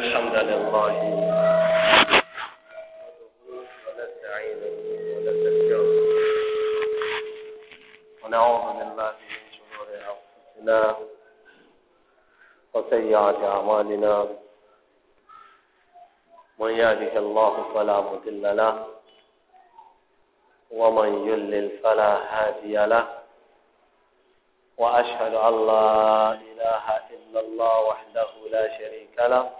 الحمد لله ونستعينه ونستغفره ونعوذ بالله من شرور انفسنا وسيئات اعمالنا من يهده الله فلا مضل له ومن يضلل فلا هادي له واشهد ان لا اله الا الله وحده لا شريك له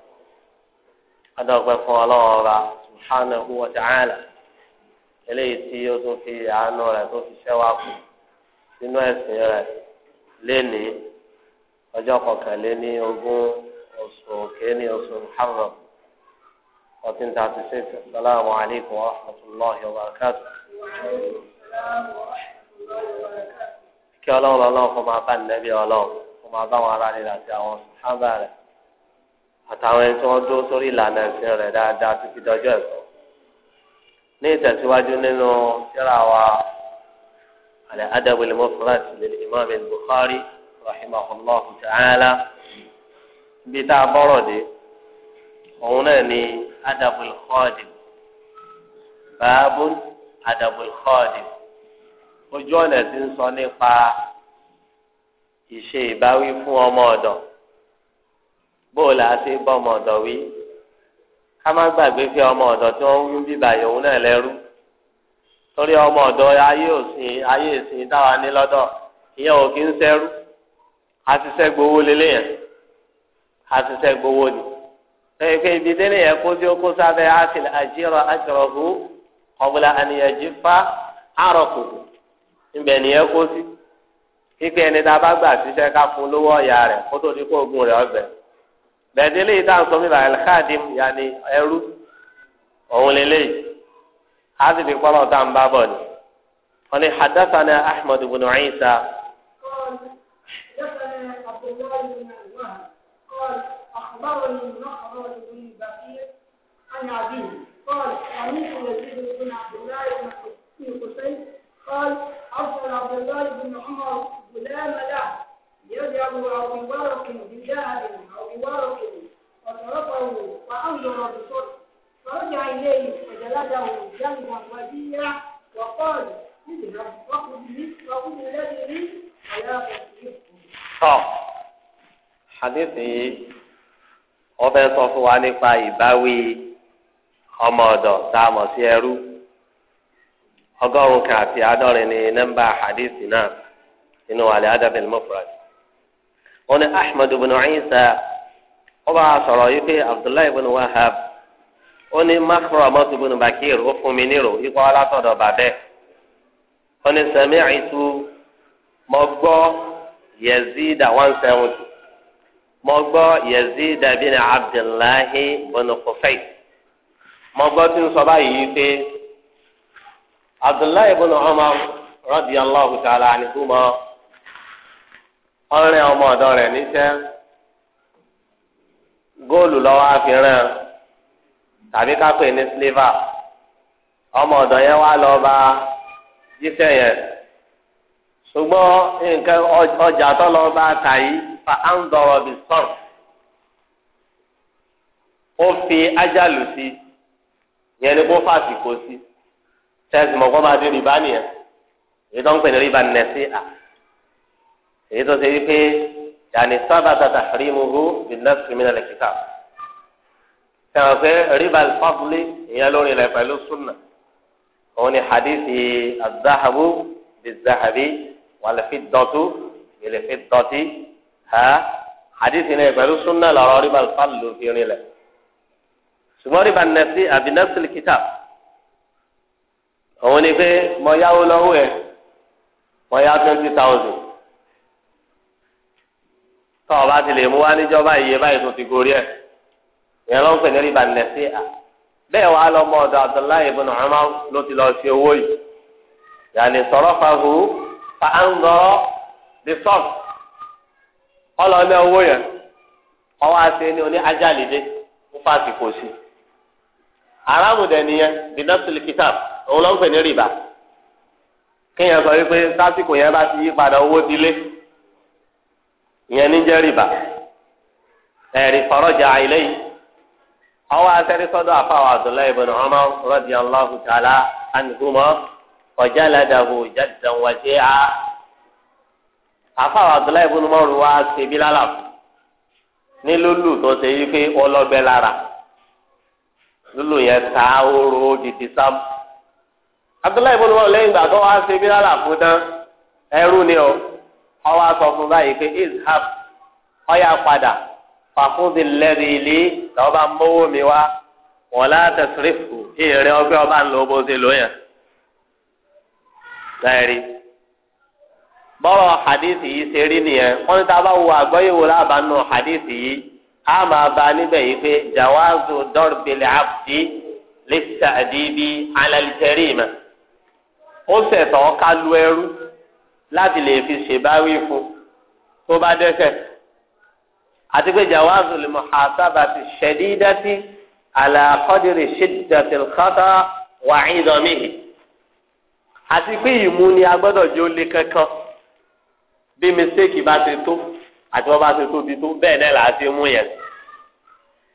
adọ́gbẹ́ fún ọlọ́wọ́ ọba wa ta'ala eléyìí tí ó tún fi àánú rẹ tó fi ṣẹ́ wá kù sínú ẹ̀sìn rẹ̀ lénìí ọjọ́ kọkànléní ogún oṣù kéènì oṣù muharram fourteen thirty six asalaamu alaykum wa rahmatulahi wa barakatu. kí ọlọ́run kó máa bá ọlọ́run kó máa bá wọn àwọn àtàwọn ẹni tí wọ́n dúró sórí ìlànà ẹ̀sìn rẹ̀ dáadáa títí dọjọ́ ẹ̀sọ́ ní ìtẹ̀síwájú nínú tírà wa alẹ́ adabul mufrad lil imam al-bukhari rahimahullah ta'ala bí tá a bọ́rọ̀ dé òun náà ni adabul khadim báàbùn adabul khadim ojú ọ̀nà tí ń sọ nípa ìṣe ìbáwí fún ọmọ ọ̀dọ̀. bóò là á ṣe bọ́ ọmọ ọ̀dọ̀ wí ká má gbàgbé ọmọ ọ̀dọ̀ tí wọ́n ń yòówù náà torí ọmọ ọ̀dọ̀ ayé òsìn ayé ìsìn táwa ní lọ́dọ̀ ìyẹn ò kí ń sẹ́rú gbowó lélẹ̀ yẹn gbowó ni lẹ́yìn pé ibi délé yẹn kó tí ó kó sábẹ́ àjírọ̀ ọ̀bùlà àníyànjú àrọ̀kù ibẹ̀ nìyẹn kó sí ẹni tá a bá gbà síṣẹ́ ká fún lówó ọ̀yà rẹ̀ kó tó kó ogun bẹ́ẹ̀ni eléyìí tá à ń sọ nípa alkhadim yanni ẹrú òun léyìí á sì fi kpọ́lọ́ tá à ń bá bọ̀ ni wọ́n ní hadathana ahmed ibn isa. أخبرني قال عبد الله بن عمر غلام له يجعل أو بورق بجهل أو بورق وتركه وأنظر بصدق فرجع إليه فجلده جنبا وديا وقال اذهب وخذ وخذ الذي لي ولا تصرفه. حديثي ọbẹ̀ sọ fún wa nípa ìbáwí ọmọ ọ̀dọ̀ tá a mọ̀ sí ẹrú ọgọ́rùn-ún kan àti àádọ́rin ní nọ́mbà wọn ni ahmed ibn isa ọba sọ̀rọ̀ yìí pé abdullahi ibn wahab ó ní makro amadu ibn bakir ó fún mi nírò ikọ alátọ̀dọ̀ bàbẹ ó ní sami'tu mo gbọ́ yazida one seventy mo gbọ́ yazida bin abdullahi bin kufay mo gbọ́ tí ń sọ báyìí pé abdullahi ibn umar radiyallahu ta'ala anhuma. ọrìn ọmọ ọ̀dọ̀ rẹ̀ níṣẹ́ góòlù lọ́wọ́ àfihàn tàbí kápẹ́ ní sílífà ọmọ ọ̀dọ̀ yẹn wá lọ bá jíṣẹ́ yẹn ṣùgbọ́n nǹkan ọjà tó lọ bá ta yìí fa áńdọ̀rọ̀ bí sọ̀rọ̀ ó fi ájálù sí yẹn ni kó fàsìkò sí tẹ́sí mọ̀gbọ́n máa di rìbá nìyẹn èyí tó ń pè ní rìbá à. èyí tó ṣe yí pé yàní sábàtà tàhírímuhu bìnnẹ́sì mi nàlẹ́ kíkà sẹ́wọ̀n pé ribal fadli ìyẹn lórí rẹ̀ pẹ̀lú sunna òun ni hadithi azahabu bizahabi wàlẹ́fídọ́tù ìlẹ́fídọ́tì ha hadithi náà pẹ̀lú sunna lọ́rọ́ ribal fadli fi rin lẹ̀ ṣùgbọ́n ribal nẹ́sì àbínẹ́sì kíkà òun ni pé mọ̀ yáwó lọ́wọ́ ẹ̀ mọ̀ yá twenty thousand tọ́ ọ bá ti lè mú wá níjọba iye báyìí tó ti gorí ẹ̀ ìyẹn ló ń pè ní rìbá nílẹ̀ sí à bẹ́ẹ̀ wàá lọ mọ ọ̀dọ̀ Abdullahi ibn Umar ló ti lọ sí owó yìí yàní sọ̀rọ̀ fahu fa á ń gbọ́ the sọ́ọ̀f ọlọ́ọ̀lẹ́ owó yẹn ọwọ́ àti ẹni oní ajálìdé ń fàsìkò sí i aramu dẹ nìyẹn binasul kitab òun ló ń pè ní rìbá kéèyàn sọ wípé sásìkò yẹn bá ti yí padà owó ti lé ìyẹn ní jẹ́ rìbá ẹ̀rí fọ̀rọ̀jà àìlẹ́ yìí ọwọ́ asẹ́rí sọ́dọ̀ àfàwọ̀ Abdullah ibn Umar radiyallahu ta'ala anhuma ọjà ládàbò jaddan wajia àfàwọ̀ Abdullah ibn Umar wá ṣẹbi lálàfo ní lólù tó ṣe yí pé ọlọ́gbẹ́ lára lólù yẹn ta oró dìtì sáàmù Abdullah ibn Umar lẹ́yìn ìgbà tó wá ṣẹbi lálàfo tán ẹrú ni o ọwọ́ akọ fún báyìí pé izhab ọyà padà fàkúndì lẹ́bi ilé lọ́ba mọ́wó mi wá wọ́n láti sírìfù ìrẹ́ ọgbẹ́ ọba ń lo bó ṣe lóyún. Láìrí bọ́rọ̀ hadith yìí ṣe rí nìyẹn wọ́n ní tá a bá wo àgbọ́yẹ̀wò lábàánú hadith yìí a máa bá níbẹ̀ yìí pé jawazu dọ́rbìlì abdi lè ṣàdíbi alẹ́ lìtẹ́rì mọ́ ó ṣẹ̀tọ́ ká lu ẹrú láti lè fi ṣèbáwí fún tó bá dẹ́ṣẹ̀ àti pé jawazu lè muhasabati shadidati ala qadri shiddati al-khata wa 'idamihi àti pé ìmú ni a gbọ́dọ̀ jó lé kankan bí mistake bá ti tó àti wọ́n bá ti tóbi tó bẹ́ẹ̀ náà là á ti mú yẹn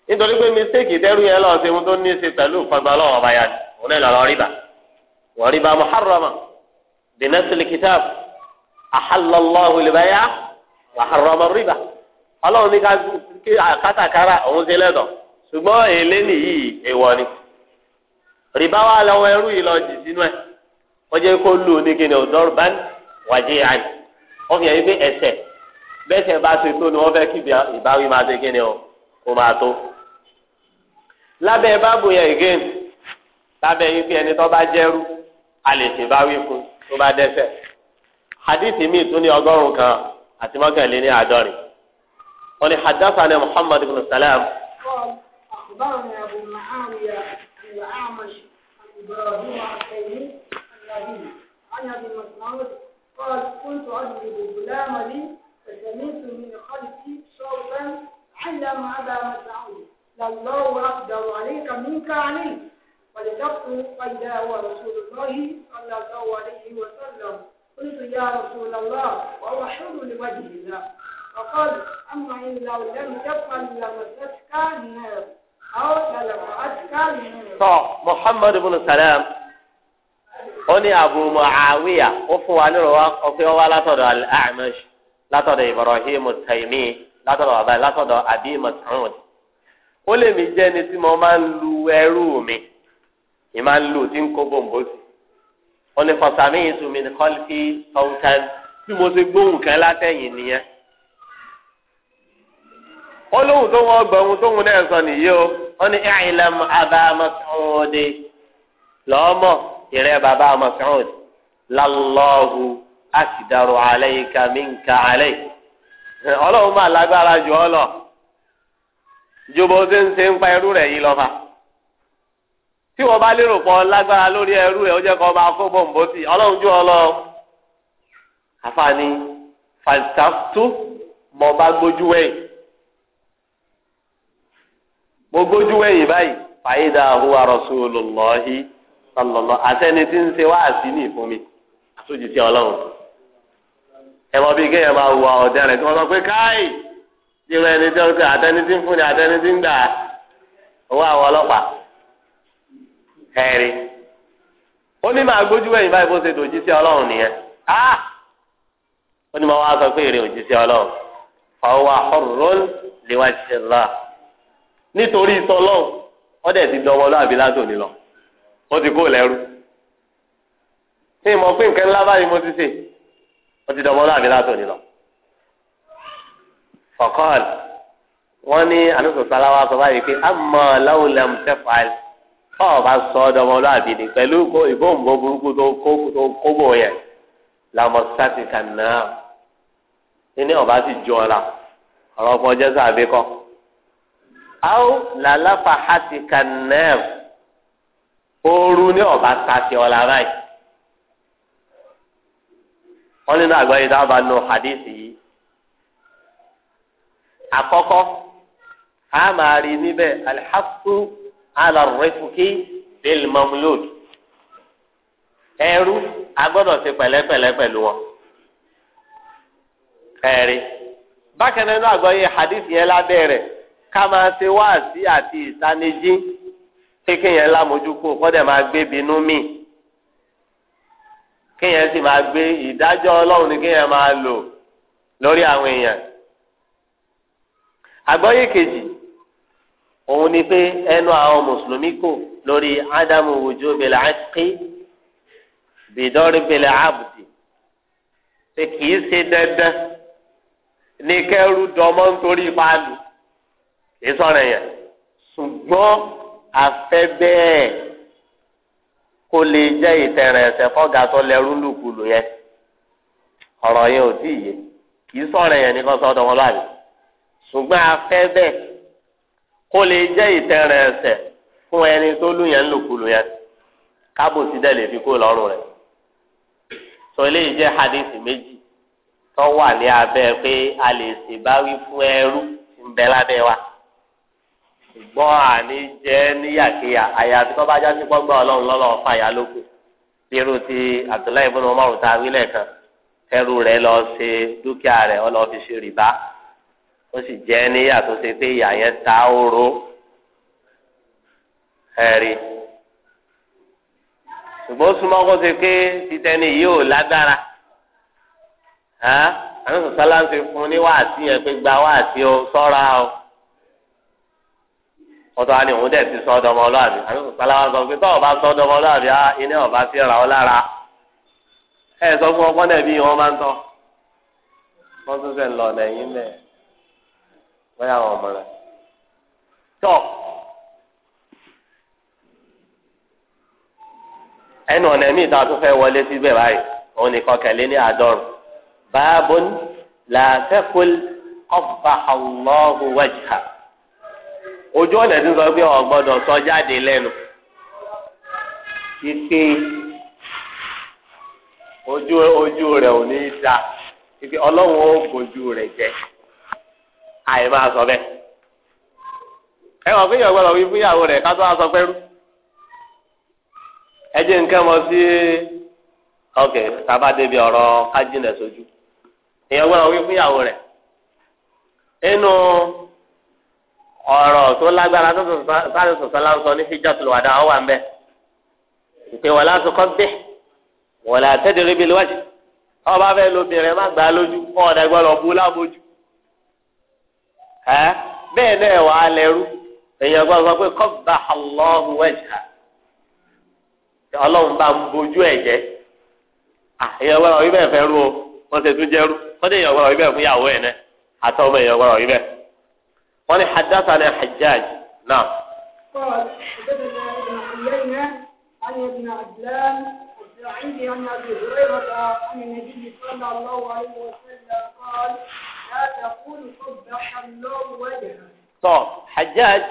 nítorí pé mistake tẹ́rù yẹn lọ́ọ́ ṣe mú tó ní í ṣe pẹ̀lú ìfọgbà ọlọ́wọ́ ọba yá òun náà lọ́ọ́ rí bá wọ́n rí bá muharrama ahalallahu libaya wàhárọ̀mọ̀ rìbá ọlọ́run ní ká kátàkárà òun ti lẹ́dọ̀ ṣùgbọ́n èlé nìyí èèwọ̀ ni rìbá wa lọ ẹrú yìí lọ jì sínú ẹ̀ wọ́n jẹ́ kó lù ní kíni ọ̀dọ́rù bá ní wàjí àyè wọ́n fi hàn yín pé ẹsẹ̀ bẹ́sẹ̀ bá ṣe tó ni wọ́n fẹ́ kí ìbáwí máa ṣe kíni o kó máa tó. lábẹ́ báàbò yẹn again lábẹ́ yín pé ẹni tó bá jẹ́rú a lè ṣèbáwí fún tó bá dẹ́ṣẹ̀ حديث mi tún ní لني kan àti mọ́kànlé ní àádọ́rin wọn ni أخبرني أبو معاوية عن الأعمش عن إبراهيم التيمي النبي عن أبي مسعود قال كنت أجلب غلام لي فسمعت من خلفي صوتا علم أبا مسعود لله أقدر عليك منك علي. فلتقت فإذا هو رسول الله صلى الله عليه وسلم قلت يا رسول الله وهو حر لوجه الله فقال أما إن لو لم تفعل لمستك النار أو لرفعتك النار محمد بن سلام oni abu muawiya ó fún wa nírò wa ọfẹ wa látọ̀dọ̀ al-A'mash látọ̀dọ̀ ibrahim taimi látọ̀dọ̀ abba látọ̀dọ̀ abi mas'ud ó lè mi jẹ ni tí mo máa ń lu ẹrú mi ì máa ń lu tí ń kó bòǹbò sí wọn ní fọsàmì yìí tún mi ní kọlífì bí mo ṣe gbóhùn kan látẹ̀yìn nìyẹn ó lóhùn tó wọn ohun tó wọn náà sọ o wọn ní ìlànà àbá lọ́mọ ìrẹ́ bàbá lálọ́hù minka ọlọ́run máa lágbára jù ọ lọ ju ṣe ń ṣe ń pa irú rẹ̀ yìí tí wọ́n bá lérò pọ̀ lágbára lórí ẹrú ẹ ó jẹ́ kó kó bọ̀m̀bó sí ọlọ́run jù àfààní fàtàtú mọ̀ bá gbójú wẹ̀yìn mo gbójú wẹ̀yìn báyìí fàyídà àtẹni tí ń ṣe ní mi sí ẹ mọ bíi kéèyàn máa tí ń fún ẹ̀rí ó ní máa gbójú wẹ̀yìn báyìí bó ṣe tó jíṣẹ́ ọlọ́run nìyẹn á ó ní máa wá sọ pé èrè òjíṣẹ́ ọlọ́run fàwọn àhọ́rọ́n lè wá lọ́la nítorí ìtọ́lọ́run ó dẹ̀ ti dánwọ́ lọ́àbí látòní lọ ó ti kó lẹ́rú ṣé ìmọ̀ pé nǹkan ńlá báyìí mo ti ṣe ó ti lọ. wọ́n ní sọ báyìí pé ọba sọ ọdọmọlúwàbí ni pẹ̀lú ìbòǹbò burúkú tó kó tó kó bò yẹn làmọ sátìkà náà ní ọba sì jọ ọ la ọ̀rọ̀ ọmọ jẹ́sà àbíkọ́ aw lalafa hati kanem ooru ní ọba tàti ọ̀la báyìí wọ́n nínú àgbáyé dábàá nù hadith yìí àkọ́kọ́ a máa rí níbẹ̀ alḥasu ala rẹfùkì bẹ́ẹ̀lì mamlud ẹrú agbọ́dọ̀ ṣe pẹ̀lẹ́pẹ̀lẹ́ pẹ̀lú wọn ẹrí bákan náà àgbọ́yé hadith yẹn lábẹ́ rẹ̀ ká máa ṣe wáàsí àti ìsánijí kéèyàn lámojúkú kọ́dẹ̀ máa gbé bínú mì kéèyàn sì máa gbé ìdájọ́ ọlọ́run ni kéèyàn máa lò lórí àwọn èèyàn àgbọ́yé kejì òun ni pé ẹnu àwọn mùsùlùmí kò lórí ádámù wùjú bẹ̀lẹ̀ àtìkí bìdọ́rí bẹ̀lẹ̀ àbùdì pé kì í ṣe dandan ní kẹ́rù dọmọ nítorí ìpanu kì í sọ̀rọ̀ yẹn ṣùgbọ́n afẹ́bẹ́ẹ̀ kó lè jẹ́ ìtẹ̀rẹ̀ ẹ̀sẹ̀ fọ́gà tó lẹ́rú lùkulù yẹn ọ̀rọ̀ yẹn ò tí ì yé kì í sọ̀rọ̀ yẹn ní kọ́sọ́dọ̀ wọn lọ́àbí ṣùgbọ́n afẹ́bẹ́ẹ̀ ó lè jẹ́ ìtẹ̀rẹ̀ ẹ̀sẹ̀ fún ẹni tó lù yẹn lòkulù yẹn kábòsí dẹ̀ lè fi kó lọ́rùn rẹ̀ sọ eléyìí jẹ́ hadisi méjì tó wà ní abẹ́ pé a lè ṣèbáwí fún ẹrú ń bẹ lábẹ́ wa ṣùgbọ́n àní jẹ́ níyàkéyà àyàfi tó bá jáde gbọ́gbà ọlọ́run lọ́lọ́ fàyà lókun irú ti Abdullahi ibùdó ọmọ òrùta wílẹ̀ kan ẹrú rẹ̀ lọ ṣe dúkìá rẹ̀ ọ fi ṣe rìbá ó sì jẹ́ níyà tó ṣe pé ìyà yẹn ta oró ẹ̀rí ṣùgbọ́n súnmọ́ kó ṣe pé titẹni yìí ò lágbára àwọn sọ̀sálà ń fi fún ní wáàsí yẹn pé gba wáàsí o sọ́ra o wọ́n tọ́ ni òun dẹ̀ ti sọ ọdọmọ ọlọ́àbí àwọn sọ̀sálà wọn sọ pé tọ́wọ́ bá sọ ọdọmọ ọlọ́àbí á iná ọ̀bá fi ra ọ lára ẹ̀ sọ fún ọgbọ́n dẹ̀ bí wọ́n ń tọ́ wọ́n tún fẹ́ lọ ọ̀nà ẹ̀yìn wọ́n yà wọ́n ọmọ rẹ̀ tọ́ ẹnu ọ̀nà míì tá a tún fẹ́ wọlé síbẹ̀ báyìí òun nìkan kẹ̀lé ní àádọ́rùn báàbò làákẹ́kọ̀ọ́ ọba ọlọ́hu wẹ̀já ojú ọ̀nà tí ń sọ pé ọ̀gbọ́dọ̀ sọ jáde lẹ́nu ike ojú ojú rẹ̀ ò ní í da ike ọlọ́run ó bójú rẹ̀ jẹ́. àyè máa sọ bẹ́ẹ̀ ẹ wọ́n fi yọ̀gbọ́n lọ wí fún ìyàwó rẹ̀ pẹ́rú ẹ jẹ́ nǹkan mọ̀ ok tábà débi ọ̀rọ̀ kájínlẹ̀ sójú ìyọ̀gbọ́n lọ wí fún ìyàwó rẹ̀ inú ọ̀rọ̀ tó lágbára tó sáré sọ̀tọ́ láǹsọ ní wà ń ìpè wọ́n láti kọ́ bẹ́ẹ̀ wọ́n ẹ bẹ́ẹ̀ náà wà á lẹ́rú èèyàn gbọ́dọ̀ sọ pé kọ́ba Allahu wajha ọlọ́run bá ń bojú ẹ̀ jẹ́ èèyàn gbọ́dọ̀ wí bẹ́ẹ̀ fẹ́ rú o wọ́n ṣe tún jẹ́rú wọ́n èèyàn gbọ́dọ̀ wí bẹ́ẹ̀ fún ìyàwó ẹ̀ náà èèyàn gbọ́dọ̀ wí bẹ́ẹ̀ wọ́n ní Hajjaj náà. tọ́ hajjaj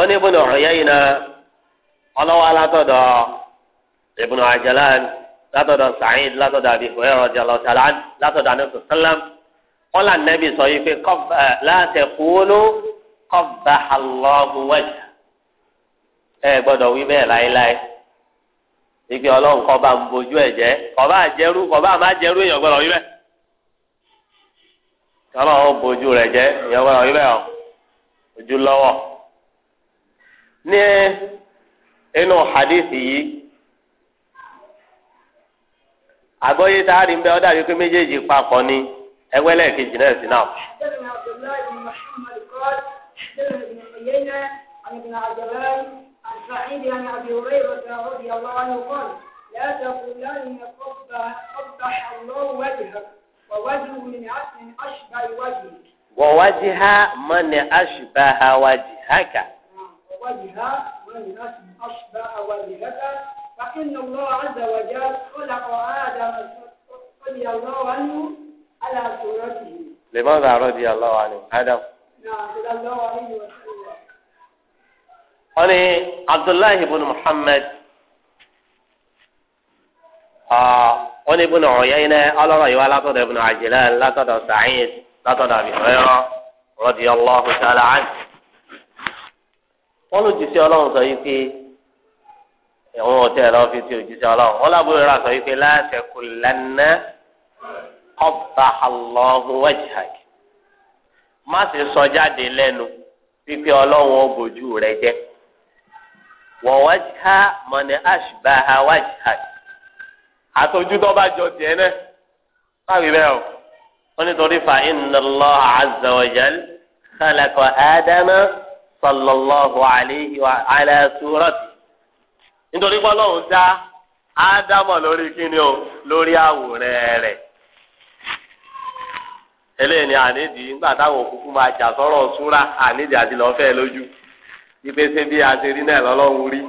oní ibùdó ọ̀rọ̀yẹ́ yìí náà ọlọ́wọ́ alátọ̀dọ̀ ibùdó àjàlán látọ̀dọ̀ sàyìn látọ̀dọ̀ àbíkú ẹ̀rọ jàlọ́tàlá látọ̀dọ̀ anẹ́sọ̀ sálám kọ́lá nẹ́bí sọ yìí pé láti kúló kọ́ba alọ́ọ̀bù wẹ̀jà ẹ gbọ́dọ̀ wí bẹ́ẹ̀ láéláé ìgbé ọlọ́run kọ́ba ń bojú ẹ̀ jẹ́ kọ́ba àjẹrú kọ́ba àmàjẹrú èèyàn gbọ́dọ̀ wí bẹ́ẹ̀. tọ́lọ́ ó ojú rẹ jẹ ìyàwó ọrịa ibẹ̀ ọ̀ ojú hadith yìí àgbọ́yé tá a rí bẹ́ẹ̀ ọ dàbí pé méjèèjì papọ̀ ni ẹgbẹ́ lẹ́ẹ̀kejì náà sí náà. عن سعيد ابي هريره رضي الله عنه قال لا تقولن قبح الله وجهك wọ̀wájì ha mọ́ni àṣùbà ha wájì hákà. wọ̀wájì ha mọ́ni àṣùbà ha wájì hákà. فإن الله عز وجل خلق آدم رضي الله عنه على صورته. لماذا رضي الله عنه؟ آدم. نعم صلى الله عليه وسلم. أنا عبد الله بن محمد آه wọn wọ́n ló jíṣẹ́ ọlọ́run sọ yìí pé ẹ̀wọ̀n ọ̀tẹ́ ẹ̀ lọ́ọ́ fi ti òjíṣẹ́ ọlọ́run wọ́n lábúrò rà sọ yìí pé láṣẹkù lẹ́nà ọba àlọ́hùn wẹ́jìhàk má sì sọ jáde rẹ àtọ́jú tó bá jọ tiẹ̀ náà báwí bẹ́ẹ̀ o wọ́n nítorí fa inna Allah azza wa jal khalaqa Adama sallallahu alayhi wa ala surati nítorí pé ọlọ́run dá Ádámọ̀ lórí kíni o lórí àwòrán rẹ̀ eléyìí ni ànídìí nígbà táwọn òkúkú máa jà sọ́rọ̀ súra ànídìí àti lọ́fẹ́ lójú ìpèsè bí a náà lọ́lọ́run rí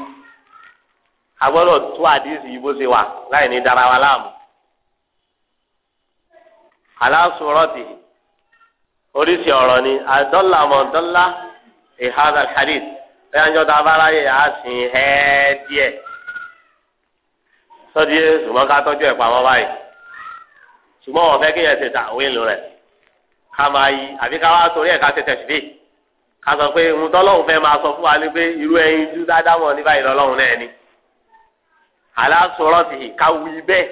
agbọ́dọ̀ tú àdìsí yìí bó ṣe wà láì ní dara wa láàmú. aláṣọrọ́tì oríṣi ọ̀rọ̀ ni àdọ́là mọ̀dọ́là ìhàdà hadith ẹ̀yánjọ́ tá a bá ráyè á sìn ẹ́ díẹ̀. sọ́dí ṣùgbọ́n ká tọ́jú ẹ̀ pamọ́ báyìí ṣùgbọ́n wọ́n fẹ́ kí yẹn ṣe ta òwe ìlú rẹ̀ ká máa yí àbí ká wá sórí ẹ̀ ká ṣe tẹ̀síbí ká sọ pé ohun tọ́lọ́hún fẹ́ máa sọ fún wa ni pé irú ẹyin dúdú ní báyìí lọ́lọ́hún náà ni aláṣọrọ ti ká wí bẹ́ẹ̀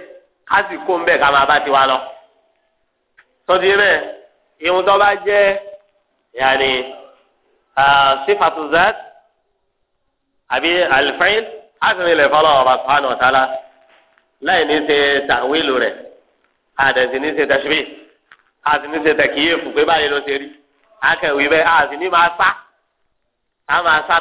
ká sì kó bẹ́ẹ̀ ká máa bá tiwa lọ. sọdí bẹ́ẹ̀ ìhun tó bá jẹ́ yàní sífàtú zat àbí àlìfẹ́yìn àtúnyẹ lè fọlọ́ ọba sùhánù ọ̀tálá láì ní ṣe tàwílù rẹ̀ àdẹ̀sí ní ṣe tẹ̀síbí àti ní ṣe tẹ̀kíyèfù pé báyìí ló ṣe rí akẹ̀wé bẹ́ẹ̀ àti ní máa sá a máa sá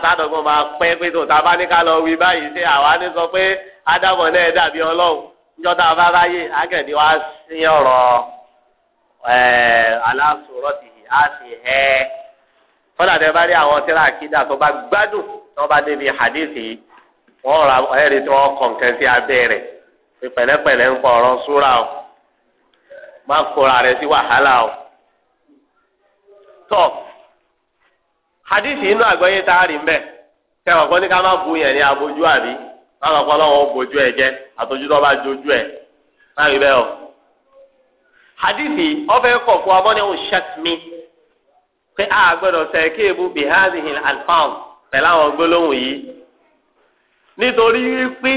máa pẹ́ pé tó ta lọ wí báyìí ṣé àwa ní sọ pé. ádámọ̀ náà dàbí ọlọ́run níjọ́ tá a bá ráyè àgẹ̀dẹ̀ wá sí ọ̀rọ̀ aláṣọrọ̀ tì í á sì hẹ́ fọ́nà tẹ bá rí àwọn tíra àkídà tó bá gbádùn n'ọba dị bá débi hadithi wọ́n ra ẹ̀rí tí wọ́n kọ̀ nǹkan sí abẹ́ rẹ̀ pé pẹ̀lẹ́pẹ̀lẹ́ ń pọ̀ ọ̀rọ̀ súra o má kóra sí wàhálà o. tọ́ hadithi inú àgbọ́yé tá a rí mbẹ́ tẹ̀wọ̀n kọ́ ní ká má bu yẹn ní abojú àbí. láwọn ọ̀pọ̀lọpọ̀ bójú ẹ̀ jẹ́ àtọ́jú tó bá jojú ẹ̀ láyé bẹ́ẹ̀ o. hadithi ọbẹ̀ kọ̀ fún abọ́ni pé a gbọ́dọ̀ sẹ̀ kéèbù bihazihin alfam pẹ̀lú àwọn gbólóhùn yìí nítorí wípé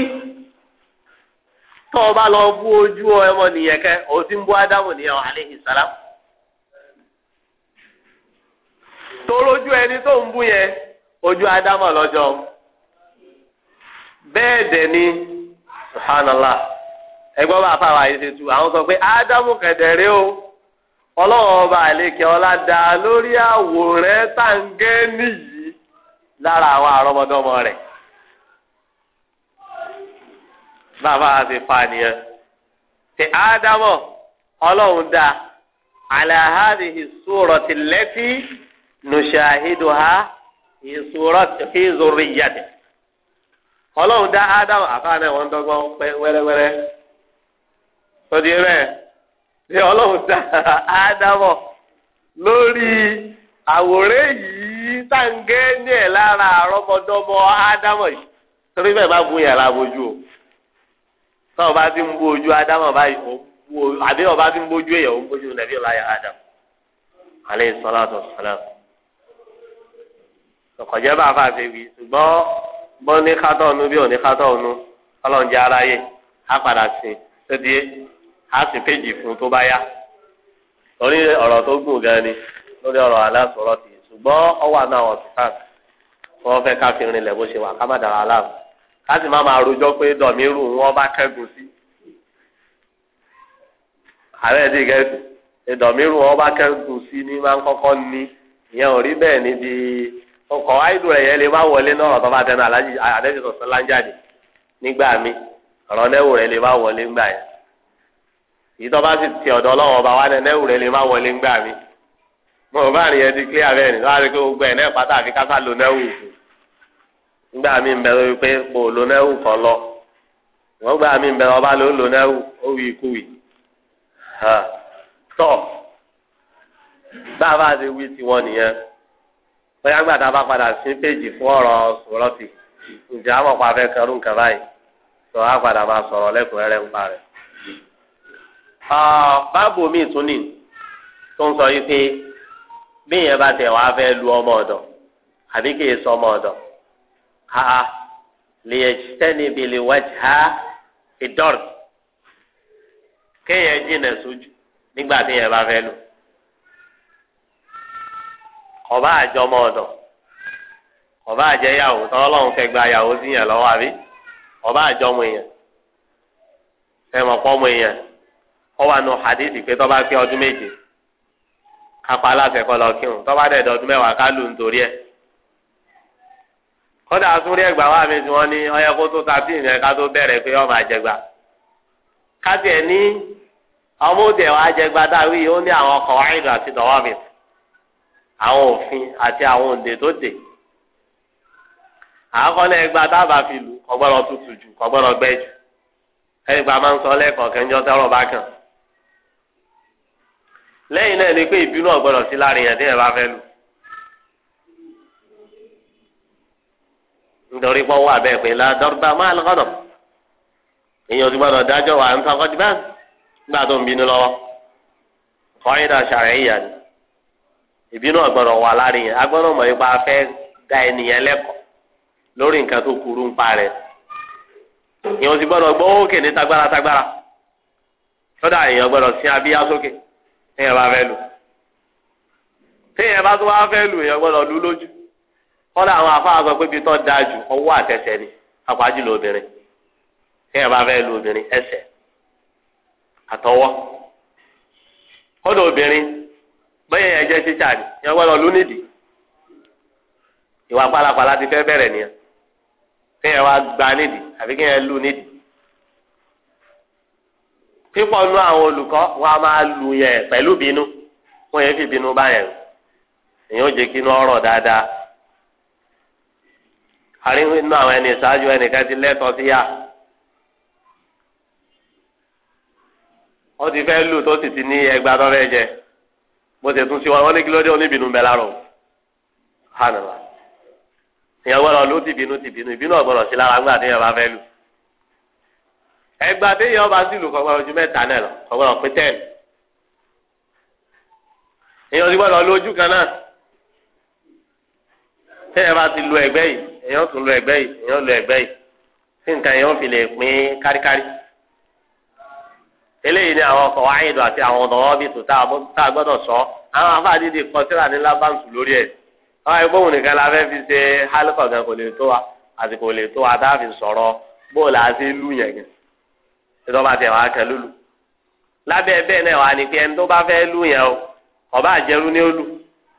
tó o bá lọ bú ojú ọmọ nìyẹn o ti ń bú salam. ẹni tó ń bú yẹn ojú ádámù lọ́jọ́ bẹ́ẹ̀ dẹ̀ ni subhanallah ẹgbọ́n bá fáwọn àyè ṣe tu àwọn sọ pé ádámù kẹ̀dẹ̀rẹ́ o ọlọ́run ọba àlekè ọlá dá lórí rẹ tàǹgẹ́ nìyí lára àwọn àrọ́mọdọ́mọ rẹ̀ bàbá àti fàníyàn ti ádámù ọlọ́run dá àlàáhàdì ìṣòro tìlẹ́tì nùṣàhídùá ìṣòro tìfíìzòrìyàdì. ọlọ́run dá ádámù àfáàná ẹ̀wọ̀n dọ́gbọ́n pẹ́ wẹ́rẹ́wẹ́rẹ́ sọdí rẹ̀ ṣé ọlọ́run dá ádámù lórí àwòrán yìí tàǹgẹ́ ní ẹ̀ lára àrọ́mọdọ́mọ ádámù yìí torí bẹ́ẹ̀ bá bu yàrá bojú o tọ́wọ́ bá ti ń bú ádámù báyìí o wo àbí ọba ti ń bójú èèyàn ó ń bójú nàbí ọláyà Adam aleyhi salatu wa salam ọkọjẹ bá a fà ṣe wí ṣùgbọ́n bọ́ ní kátó ọ̀nù bí òní kátó ọ̀nù ọlọ́run jẹ́ aráyé á padà sí tó di á sì péjì fún tó bá yá torí ọ̀rọ̀ tó gùn gan ni lórí ọ̀rọ̀ aláṣọ̀rọ̀ tì ṣùgbọ́n ọwọ́ àná àwọn sàn wọ́n fẹ́ ká fi rinlẹ̀ bó ṣe wà ká má dàrá aláàbò ká sì má máa rojọ́ pé dọ̀míìrù wọn bá kẹ́gùn sí ààrẹ ti gẹ̀ẹ́sì ìdọ̀míìrù wọn bá kẹ́gùn sí ní máa ń kọ́kọ́ ní ìyẹn ò rí bẹ́ẹ̀ níbi. ọkọ̀ àìdù rẹ̀ yẹn lè wọle wọlé náà ọ̀tọ́ bá tẹnu alájí àdẹ́sí sọ̀tún lájáde nígbà mi ọ̀rọ̀ nẹ́wù rẹ̀ lè bá wọlé ńgbà yẹn ìtọ́ bá sì ti ọ̀dọ̀ ọba wa nẹ́wù rẹ̀ lè wọlé mi mo bá rìn yẹn ti gbogbo ẹ̀ náà pátá àfi káfá lo mi ń kò lo nẹ́wù lọ wọ́n gbà mí ọba ló ń lo nẹ́wù ó a bóyá gbà tá a bá padà sí péjì fún ọ̀rọ̀ sọ̀rọ̀tì ǹjẹ́ àwọn ọ̀pá fẹ́ kẹrù nǹkan báyìí sọ á padà máa sọ̀rọ̀ lẹ́kùnrẹ́rẹ́ ń parẹ́. báàbò mi tún tó ń sọ yìí pé bí ìyẹn bá tẹ̀ lu ọmọ ọ̀dọ̀ àbí kì í sọ ọmọ ọ̀dọ̀ ha lèyẹ̀tẹ́ni ha kéèyàn jìnà sójú nígbà tí ìyẹn bá fẹ́ ọba àjọmọ ọdọ ọba àjẹyàwó tọlọ́run fẹ́ gba yàwó sí yàn lọ́wọ́ àbí ọba àjọmọ èèyàn ẹmọ pọmọ èèyàn ọwọ àánú hadithi pé tọba pé ọdún méje kápá aláfẹ kọlọ kírun tọba dẹdọ ọdún mẹ́wàá ká lù nítorí ẹ kódà àtúndì ẹgbà wà mí tí wọn ní ọyẹ kó tó tàbí ìrìn ká tó bẹ̀rẹ̀ pé ọmọ àjẹgbà káti ní ọmọ òde ẹwà àjẹgbà dáwì ó ní àwọn ọkọ wáyé àti dọwọ mi àwọn òfin àti àwọn òde tó dé àkọọ́lẹ̀ ẹgbàá dábàá fi lù kọgbọ́dọ̀ tutù jù kọgbọ́dọ̀ gbẹ jù ẹgbàá máa ń sọ lẹ́ẹ̀kọ́ kẹjọ tọrọ bá kàn lẹ́yìn náà ni pé ìbínú ọ̀gbọ́dọ̀ sí láàrin yẹn tí yẹn bá fẹ́ lù nítorí pé wà bẹ́ẹ̀ pé ládọ́rùbá máa lọ́kọ̀dọ̀ èèyàn ti gbọ́dọ̀ dájọ́ wà ń tọkọ́ dìbà nígbà tó ń bínú lọ́wọ́ kọ́ ìbínú ọ̀gbọ́dọ̀ wà láàrin yẹn agbọ́dọ̀ mọ̀ nípa afẹ́ da ènìyàn lẹ́kọ̀ọ́ lórí nǹkan tó kúrú ń pa rẹ̀ ìyẹn ti òkè ní tagbára tagbára sọ́dà èèyàn gbọ́dọ̀ sí abíyá sókè téèyàn bá lù téèyàn bá tó lù èèyàn lù lójú àwọn pé ni téèyàn bá lù bẹ́ẹ̀ yẹn jẹ́ tíṣà ni yẹn ìwà ti fẹ́ bẹ̀rẹ̀ nìyẹn kéèyàn wá gba nídìí àbí kéèyàn lù nídìí pípọ̀ nú àwọn olùkọ́ wa máa lù yẹn pẹ̀lú bínú wọ́n yẹn fi bínú báyẹn èyàn ó jẹ́ kí inú ọ̀rọ̀ dáadáa àwọn ẹni ìṣáájú ẹnìkan ti sí yá wọ́n ti fẹ́ lù tó sì ti ní ẹgbàá bó ṣe tún ṣe wọn ní kí ló dé oníbìnú ń bẹ lára o hànàlá ìyẹn gbọ́dọ̀ ló ti bínú ti bínú ìbínú ọgbọ́dọ̀ sí lára ńgbà téèyàn bá fẹ́ lù ẹgbà téèyàn bá sì lù kọgbọdọ̀ ju mẹ́ta náà lọ kọgbọdọ̀ pé tẹn èèyàn ti gbọ́dọ̀ lójú kan náà téèyàn bá ti lu ẹ̀gbẹ́ yìí èèyàn tún lu ẹ̀gbẹ́ yìí èèyàn lu ẹ̀gbẹ́ yìí tí nǹkan fi lè pín káríkárí eléyìí ni àwọn ọkọ̀ wáyé ìdò àti àwọn ọ̀nà ọ̀bí tó tá a gbọ́dọ̀ sọ àwọn afáàdì di kan síra ní lábàǹtù lórí ẹ̀ àwọn ìgbóhùn nìkan la fẹ́ fi ṣe hálùkọ̀ gan kò lè tó wa àti kò lè tó wa tá a fi sọ̀rọ̀ bóòlù àti lù yẹn gan ìjọba tiẹ̀ wá kẹ́ lólu lábẹ́ bẹ́ẹ̀ náà wà ní pé ẹni tó bá fẹ́ lù yẹn o ọba àjẹrú ní olù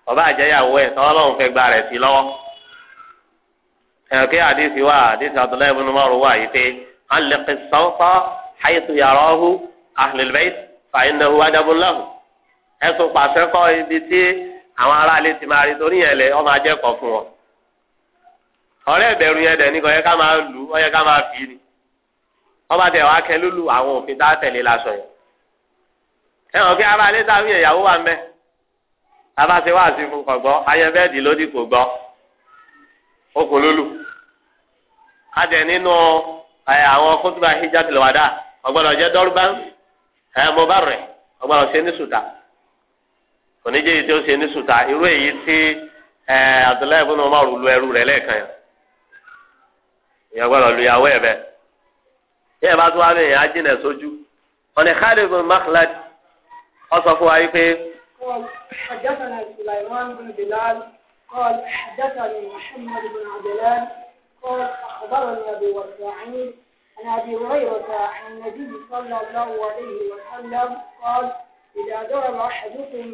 ọba àjẹyàwó ẹ̀ tọ́lọ́run fẹ́ gba rẹ̀ sí lọ́wọ́ ẹ̀kẹ́ àdìsí wa àdìsí ahlul bayt fa'innahu adabun lahu ẹ̀sùn pàṣẹ kọ́ ibi tí àwọn aráàlú ti máa rí torí yẹn lẹ ọmọ ajẹ́kọ̀ọ́ ọ̀rẹ́ ìbẹ̀rù yẹn dẹ̀ ní ká máa lù ó yẹ ká máa fi lulu ta tele la ara wa lulu a àwọn ẹ mo bá rẹ ọgbà ọ̀sẹ̀ ní sùtà oníjẹ́ yìí tí ó ṣe ní sùtà irú èyí tí ẹ Abdullahi ibùnú ọmọ òrùlù ẹrú rẹ lẹ́ẹ̀kan yẹn ìyẹn gbọ́dọ̀ lu ìyàwó ẹ̀ bẹ́ẹ̀ bí ẹ bá tún wá ní ìyẹn ajínà sójú ọ̀nà Khalid ibn ọ sọ fún wa yìí pé. حدثنا سليمان بن بلال قال حدثني محمد بن عبدالله قال أخبرني أبي وسعيد عن أبي هريرة عن النبي صلى الله عليه وسلم قال إذا ضرب أحدكم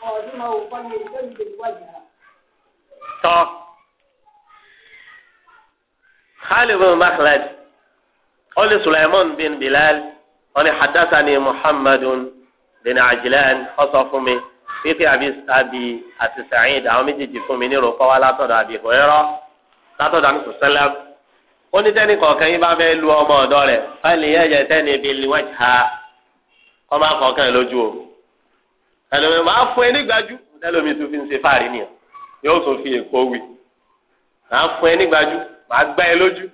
خادمه فليلتم الوجه. طه خالد بن مخلد قال سليمان بن بلال قال حدثني محمد بن عجلان خصفمي fífi àbí àti sàyìn àwọn méjèèjì fún mi nírò kọ́ wa látọ̀dọ̀ àbí ìhòòrán látọ̀dọ̀ àmì sọ̀sẹ́lẹ̀ ó ní kọ̀ọ̀kan yín bá fẹ́ lu ọmọ ọ̀dọ́ rẹ̀ fáìlì yẹn yẹ tẹ́nì ha ọmọ akọ̀ọ̀kan lójú o ẹlòmíì máa fún ẹ nígbàjú tún fi ń fáàrí nìyẹn yóò tún fi èkó wì máa fún ẹ nígbàjú máa gbá ẹ lójú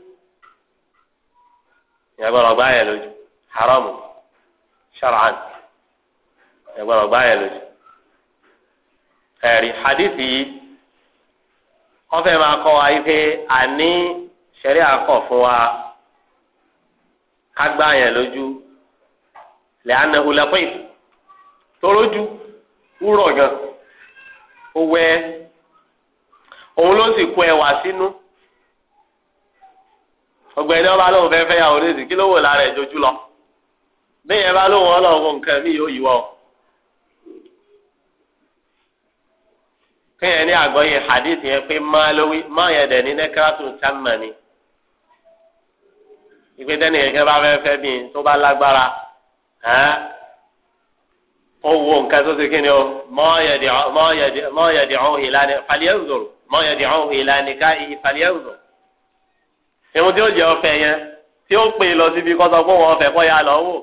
gbá ẹ lójú sẹ̀rí àkọ́ fún wa kágbá yẹn lójú lẹ́yìn ahùlẹ́pẹ́ torójú wúrọ̀ gan ó wẹ́ òun ló sì kó ẹwà sínú ọgbẹ́ni ọba lóun fẹ́ fẹ́ yàwó lẹ́sìn kí ló wò lára ẹ̀ jojú lọ bẹ́ẹ̀ yẹn bá lóun ọlọ́run nǹkan mi yóò yíwọ́ o. hadith yẹn pé lówí yẹn ni ìgbé tẹ́ni kẹ̀kẹ́ bá fẹ́ fẹ́ bí tó bá lágbára ó wo nǹkan tó ti kí ni o mọ́ yẹ̀dì ọ̀hún ìlànà fàlíẹ́zòrò mọ́ yẹ̀dì ọ̀hún ìlànà ká ìfàlíẹ́zòrò. ìwọ̀n tí ó jẹ́ ọ̀fẹ́ yẹn tí ó pè lọ síbi kọ́sọ́ fún wọn ọ̀fẹ́ kọ́ ya lọ wò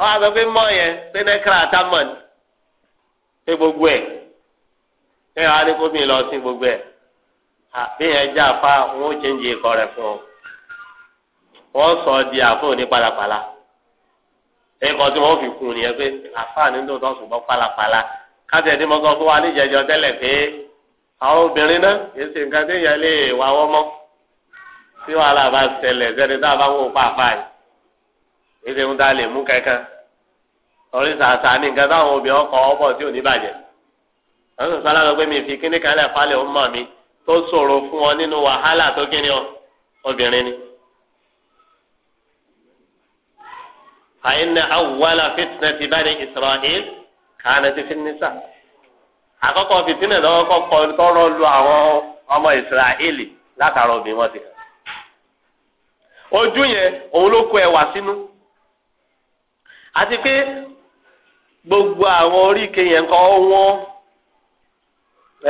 wọ́n á sọ pé mọ́ pé nẹ́kírà támọ̀n pé gbogbo ẹ̀ ṣé wàá ní kó mi lọ sí gbogbo ẹ̀ àbí yẹn já fa wọn ó ṣe ń jẹ ikọ̀ rẹ̀ fún ọ. wọ́n sọ di àfọ ní palapala ẹ̀kọ́ tí wọ́n fi kún nìyẹn pé àfààní ló tọ́ ṣùgbọ́n palapala káṣí ẹni mọ́ sọ fún wa níjẹjọ tẹ́lẹ̀ pé àwọn obìnrin náà tí lè wà wọ́n mọ́ tí bá a bá wò pa àfà yìí èdè ń ta lè mú kankan ní nǹkan táwọn obìnrin ọkọ̀ tí ò ní bàjẹ́ lọ pé mi fi kíní kan lẹ̀ falẹ̀ ó mọ̀ فإن أول فتنة بني إسرائيل كانت في النساء àkọ́kọ́ fìtínà lọ́wọ́ kọ́kọ́ tọrọ lu àwọn ọmọ ìsirahìlì látara obìnrin wọn ti kàn ojú yẹn òun ló kó ẹwà sínú àti pé gbogbo àwọn oríkè yẹn kọ́ wọ́n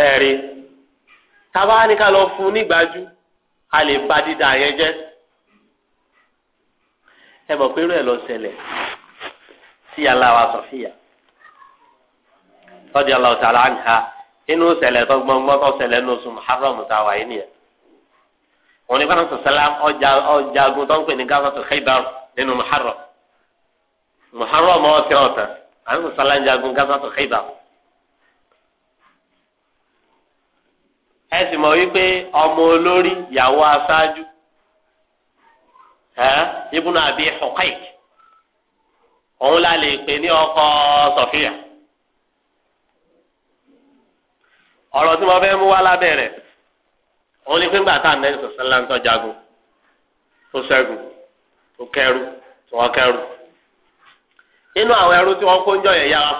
ẹ̀rí tábà ní ká lọ fún nígbàjú a lè ba dídà yẹn jẹ́ ẹ bọ̀ pé irú ẹ̀ lọ ṣẹlẹ̀ sí aláwa sọ̀fíà lọ́dí aláwọ̀ tààlà àǹkà inú ṣẹlẹ̀ tó gbọ́ngbọ́n tó ṣẹlẹ̀ nínú oṣù muharram tá a wà yìí nìyẹn. wọn ní fana sọ̀sálà ọjà ọjà ogun tó ń pè ní gáfàtò Khaybar nínú muharram muharram ọ̀tẹ̀ ọ̀tẹ̀ àwọn sọ̀sálà ń jagun gáfàtò Khaybar. ẹ sì mọ̀ wípé ọmọ olórí ìyàwó aṣáájú ibùnú àbí Huqayq òun la lè pè ní ọkọ Sọfíà ọ̀rọ̀ tí mo fẹ́ mú wá lábẹ́rẹ̀ òun ni pínpà tá à sọ̀sẹ̀ láńtọ́ jagun tó tó kẹrù tó wọ́n kẹrù àwọn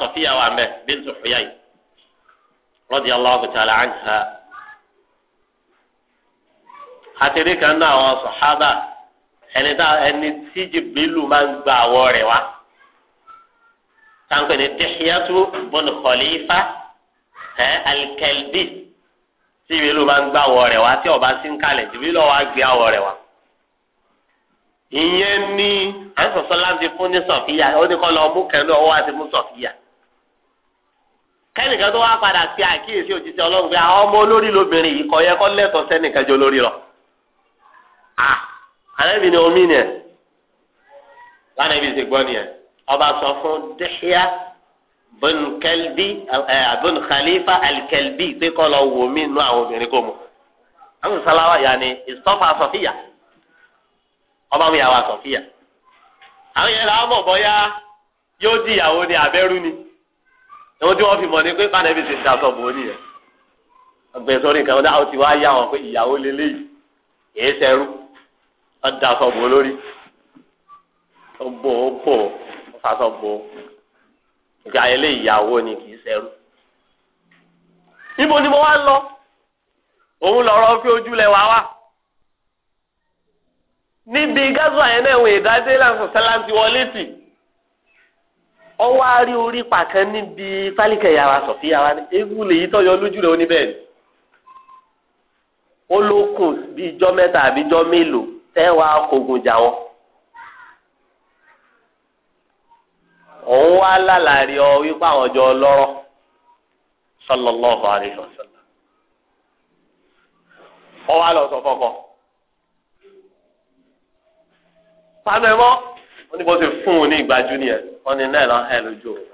Sọfíà wà mẹ́ bintu Huyay àtẹ̀rí kan náà ẹni tá ẹni tí jìbìlù máa ń gba àwọ̀ rẹ̀ wá táǹkì ní tìṣíyàtú bọ́nù kọ̀lífà ẹ alikẹ́lbí tí jìbìlù máa ń gba àwọ̀ rẹ̀ wá tí ọba sí ń kalẹ̀ jìbìlù ọ̀wá gbé àwọ̀ rẹ̀ wá. ìyẹn ni àǹsọ̀sọ́ láti fún ní sọ̀fíyà ó ní kọ́ lọ mú kẹ́lú ọwọ́ àti mú sọ̀fíyà. kẹ́nìkan tó wá padà sí àkíyèsí òjijì ọlọ́run pé ọmọ olórí lóbìnrin yìí kọ́ yẹ kọ́ lẹ́tọ̀ọ́ sẹ́nìkan jọ lórí lọ. Ah, alẹ́bi ni omi ni ẹ̀ lánàá ibi ni ọba sọ fún dèhíà bọ́nkẹ́lbí bọ́nkàlífà alikẹ́lbí pé kọ́ lọ wò mí àwọn obìnrin kò yà ni ìsọ́fà sọ̀fíyà ọba mi yàwá àwọn yẹn làwọn bọ́yá yóò di ìyàwó ni àbẹ́rú ni ẹ̀wọ́n tí wọ́n fi mọ̀ ni pé bò ti wá ọ̀dà àfọ̀bọ̀ lórí ọ̀bọ̀ ọ̀bọ̀ ọ̀fàsọ̀bọ̀ ìjà ilé ìyàwó ni kì í ṣẹrú. níbo ni mo wá lọ òun lọ̀rọ̀ pé ojúlẹ̀ wá wá níbi gázùn àyẹn náà ìwọ̀n ìdádé sẹ́láǹtì wọlé tì orí níbi fálíkẹ̀ yàrá sọ̀fíà ewu lèyí tọ́yọ lójú rẹ̀ ó lókun bíi ijọ́ mẹ́ta àbí ijọ́ mélòó tẹ́ wàá kogun jà wọn. òun wá lálàrí ọ wípé àwọn ọjọ́ ọlọ́rọ̀ sallallahu alaihi wasallam. ọ wá lọ sọ fọkọ. pàmẹ́mọ́ wọ́n ní bó ṣe fún un ní ìgbájú nìyẹn wọ́n ní náà lọ́n ẹ̀ lójú òun.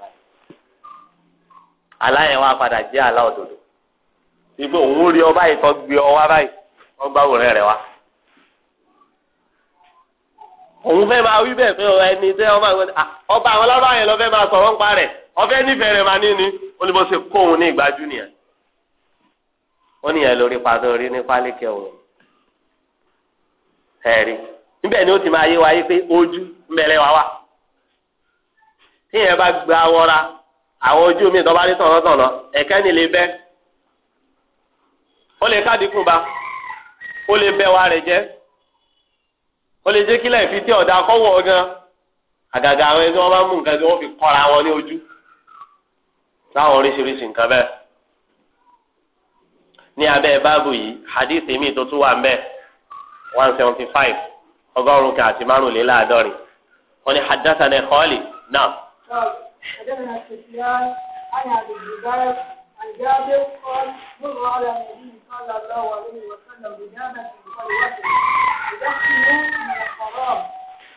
aláyẹn wá padà jẹ́ àlá òdòdó. ìgbé òun rí ọ báyìí tó gbé ọ wá báyìí wọ́n gbá òun rẹ̀ wá. òun fẹ́ máa wí bẹ́ẹ̀ pé ẹni tẹ́ ọba àwọn ọba àwọn lábàá yẹn lọ́fẹ́ máa sọ̀rọ̀ ń pa rẹ̀ ọfẹ́ nífẹ̀ẹ́ rẹ̀ máa ni ó ní bó ṣe kó òun ní ìgbájú lórí rí ní pálíkẹ́ òun. ni ó ti máa yé wa yé pé ojú mẹ́lẹ̀ wà. bá gba wọra àwọn ojú mi tó bá rí tọ̀nàtọ̀nà ẹ̀kẹ́ ni lè bẹ́. ó lè ó lè bẹ́ wa rẹ̀ jẹ́ ó lè jẹ́ kí láì fi tí ọ̀dà kọ́wọ́ gan àgàgà àwọn ẹni tí wọ́n bá mú nǹkan tí wọ́n fi kọ́ra wọn ní ojú láwọn oríṣiríṣi nǹkan bẹ́ẹ̀ ní abẹ́ báàbù yìí hadith mi tó tún wà ń bẹ one seventy five ọgọ́rùn-ún kan àti márùnléláàádọ́rin wọ́n ní hadassah ní kọ́ọ̀lì náà. عن جابر قال مر على النبي صلى الله عليه وسلم بجامة صلوته يدخل من الحرام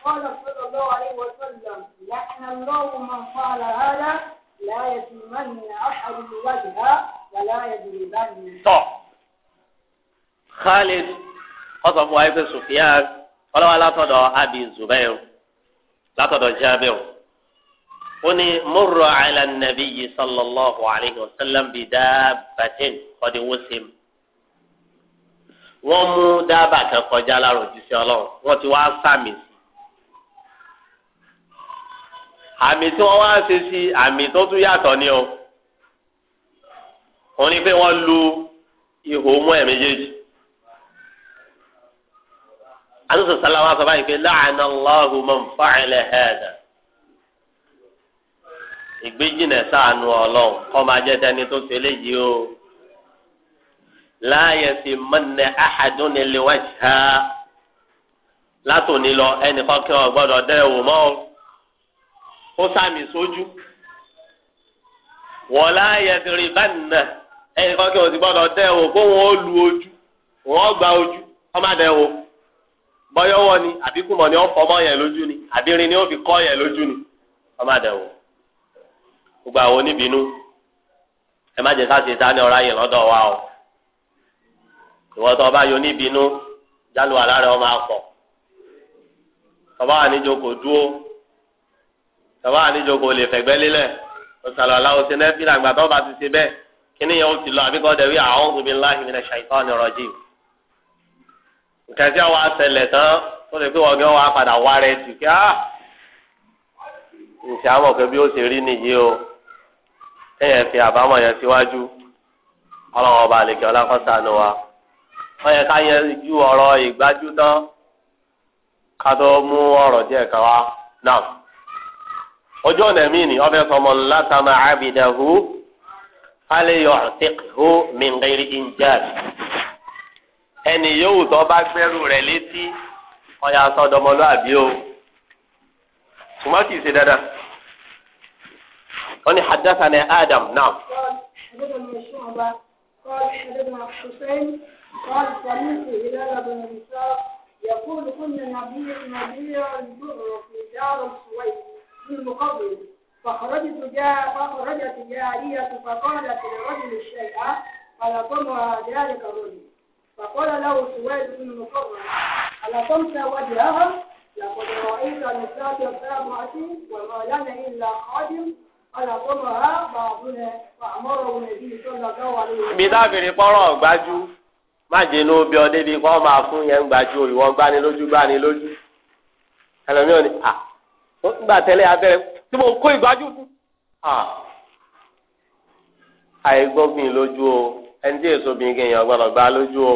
قال صلى الله عليه وسلم لعن الله من قال هذا لا يتمن أحد وجهه ولا يجربن طب خالد ọsọ fún wa ife sufiyan ọlọ́wọ́ látọ̀dọ̀ abi zubair látọ̀dọ̀ jaabir oni مر على النبي صلى الله عليه وسلم بدابة daabatin kọdi wusim wọ́n mú dábà kan kọjá lára òjíṣẹ́ Ọlọ́run wọ́n ti wá sàmì sí àmì tí wọ́n wá ṣe sí àmì tó tún yàtọ̀ ni o wọ́n ní pé wọ́n lu ihò mú ẹ méjèèjì àtúntò sálámà sọ báyìí pé la'ana Allahu man fa'ala hada ìgbéjìnà sáànù ọlọ́run kọ́ máa jẹ́ sẹ́ni tó ṣe léyìí o láàyè sí mọ́nẹ àhàdùn ní lewájú ha látòní lọ ẹnìkan kí wọn gbọ́dọ̀ dẹ wò mọ o ó sàmì sójú wọn láàyè tìrì bánà ẹnìkan kí wọn ti gbọ́dọ̀ dẹ wò kó wọn lu ojú wọn gba ojú wọn dẹ wò bọyọwọ ni àbíkùmọ ni ó yẹn lójú ni àbírin ni ó fi kọ yẹn lójú ni wọn dẹ wò gbogbo àwọn oníbínú ẹ má jẹ káṣí ta ni ọ̀rá yẹn lọ́dọ̀ wa o ìwọ́tọ̀ ọba yọ oníbínú jálù wà lára ọmọ akọ ọba wà níjoko dúó ọba wà níjoko lè fẹ̀gbẹ́ lélẹ̀ ọ̀sàlọ̀ aláwọ̀ sí nẹ́fìlà àgbàdo ọba ti ṣe bẹ́ẹ̀ kíní yẹn ó ti lọ àbíkọ́ dẹ̀wí a'udhu billahi minash shaitani rajim nkẹ́sí àwọn àṣẹlẹ̀ tán ó lè pé wọ́n gẹ́ wọn padà wá rẹ̀ tù kí á ǹṣẹ́ àwọn ọ̀kẹ́ bí ó ṣe rí nìyí o kéèyàn fi àbámọ̀ yẹn síwájú ọlọ́wọ́ ọba àlekè ọlákọ́sà ló wa wọ́n yẹ ká yẹ ju ọ̀rọ̀ ìgbájú tán ká tó mú ọ̀rọ̀ díẹ̀ kan wá náà ojú ọ̀nà míì ni ọbẹ̀ sọmọ látàmà àbìdàhù fálẹ́yọ̀ àtẹ̀kù mìngẹ́rì ìjáde ẹnì yòówù tó bá gbẹ́rù rẹ̀ létí ọ̀yà sọ̀dọ̀mọlúàbí o ṣùgbọ́n kì í ṣe dandan. وني حدثنا آدم نعم قال حدثنا شعبة قال حدثنا حسين قال سمعت هلال بن نساء يقول كنا نبيع نبيع البر في دار السويس في بالمقابل فخرجت جاء فخرجت جارية فقالت للرجل الشيء فلطمها ذلك الرجل فقال له سويد بن مقرن ألطمت وجهها لقد رأيت نساء السابعة وما لنا إلا خادم ibi dábìrì pọ́rọ̀ gbájú májè ní obì ọdẹ bíi kọ́ máa fún yẹn ń gbájú ìwọ gbani lójú gbani lójú ẹlòmíràn ni à ó ń gbà tẹ́lẹ̀ abẹ́rẹ́ tí mo kó ìgbájú fún àìgbọ́gbìn lójú o ẹni tí èso bí kí èèyàn gbọ́dọ̀ gbá lójú o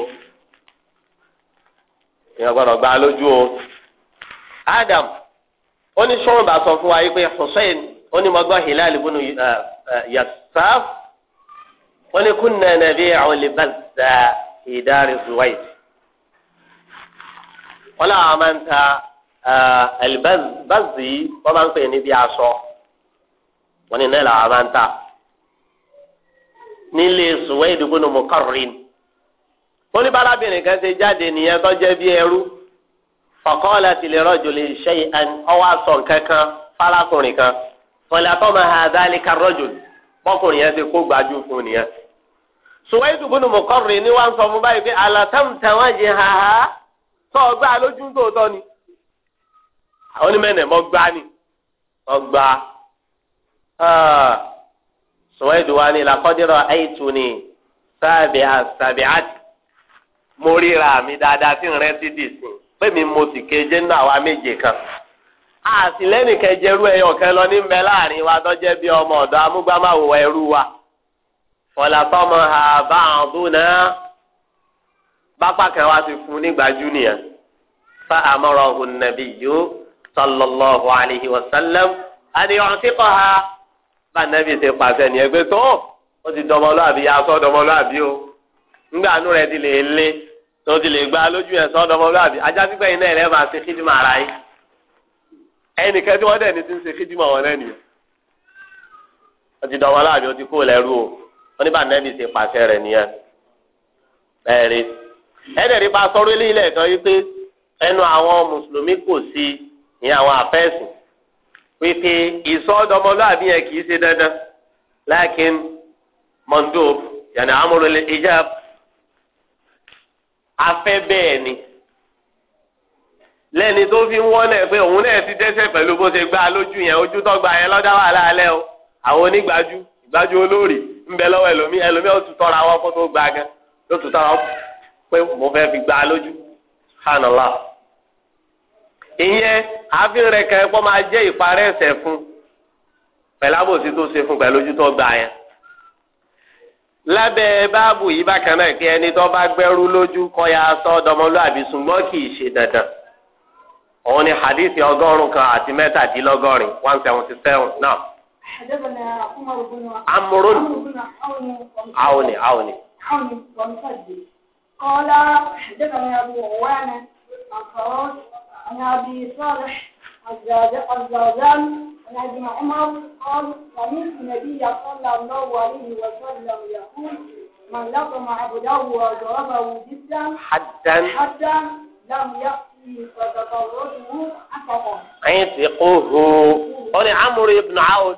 èèyàn gbọ́dọ̀ gbá lójú o Adam ó ní sọ́run bá sọ fún wa yìí pé Hussein ó ní mo gbọ́ hilal ibùnú eh, eh, yasaf ó ní kunna nabi'u libasa ìdárí suwaid wọ́n làwọn máa ń ta alibazi eh, wọ́n máa ń pè ní bí aṣọ wọ́n ní náà làwọn máa ń ta nílé suwaid ibùnú mukarrin ó ní bálábìnrin kan ṣe jáde nìyẹn tó jẹ́ bí ẹrú faqala li rajuli shay'an ọwọ́ àṣọ nǹkan kan kan fọlẹ́tọ́ máa ha dáálé karọ́jò bọ́kùnrin yẹn ti kó gbajú fún nìyẹn. sùwọ́n ìdùnkún ni mọ̀kọ́rin ni wọ́n sọ fún báyìí pé àlàtàmùtà wọn jẹ ha ha tọ́ ọgbà lójú tòótọ́ ni. àwọn onímọ̀ẹ̀nẹ̀ mọ́ gbá ni mọ́ gbá. Ah. sùwọ́n ìdùn ni làkọ́dírọ̀ àìtù ni sábẹ́ àti mo ríra mi dáadáa tí n rẹ́ ti dì sí pé mi mo sì kéje nínú àwa méje kan. àtìlẹ́nìkan jẹ́rú ẹyọ kan lọ ní mbẹ láàrin wa tó bí ọmọ ọ̀dọ́ amúgbámáwò ẹrú wa fọlàfọmọ àbá àbúná bápá kan wá ti fún nígbà júnìyà fa àmọ́rọ̀ ọ̀hún nàbí yó sallallahu alihi wa sallam àti ọ̀tíkọ̀ ha bá nàbí ṣe pàṣẹ ní ẹgbẹ́ tó ó ti dọmọlúàbí ya o ńgbà nú rẹ ti lè lé tó ti lè lójú ẹ sọ dọmọlúàbí ajá pípẹ́ iná ẹ̀rẹ́ máa ẹnìkan tí wọ́n dẹ̀ ní ti ń ṣe fídímọ̀ wọn náà nìyẹn wọ́n ti dọ̀wọ́ láàbí wọ́n ti kó lẹ́rú o wọ́n ní bá nẹ́ẹ̀mí ṣe pàṣẹ rẹ̀ nìyẹn ẹ̀rí ẹ̀dẹ̀rí bá sọ̀rọ̀ ilé ilẹ̀ kan wípé ẹnu àwọn mùsùlùmí kò sí ní àwọn àfẹ́sùn wípé ìsọdọmọlúàbí yẹn kì í ṣe dandan lákin mọ̀ndó yàrá amúrò ìjáàbù afẹ́ bẹ́ẹ̀ ni lẹ́ni tó fi ń wọ́n náà pé òun náà ti dẹ́sẹ̀ pẹ̀lú bó ṣe gbá lójú yẹn ojú tó gbà yẹn lọ́dá wà láàlẹ́ o àwọn onígbàjú ìgbàjú olóòrì ń bẹ lọ́wọ́ ẹlòmí ẹlòmí ó tún tọ́ra wọn kó tó gbá gan ló tún tọ́ra pé mo fẹ́ fi gbá lójú hànàlá. ìyẹn ààfin rẹ̀ kẹ́ pọ́ máa jẹ́ ìparẹ́ ẹ̀sẹ̀ fún pẹ̀lú àbòsí tó ṣe fún pẹ̀lú ojú tó yẹn. lábẹ́ báàbù yìí bákan náà kí ẹni tó bá gbẹ́rú lójú kọ́ ya sọ́ọ́dọ̀mọlúàbí ṣùgbọ́n حديث òun ni hadithi ọgọ́rùn-ún kan àti mẹ́tàdínlọ́gọ́rin one seventy seven náà. عوني awoni awoni. قال حدثنا أبو عوانة عن خراج عن أبي صالح الزازان عن أبي عمر قال سمعت النبي صلى الله عليه وسلم يقول من لطم عبده وضربه جدا حدا حدا لم يأت ẹyin ti kó hu ó ní amúrú ibùnà áwò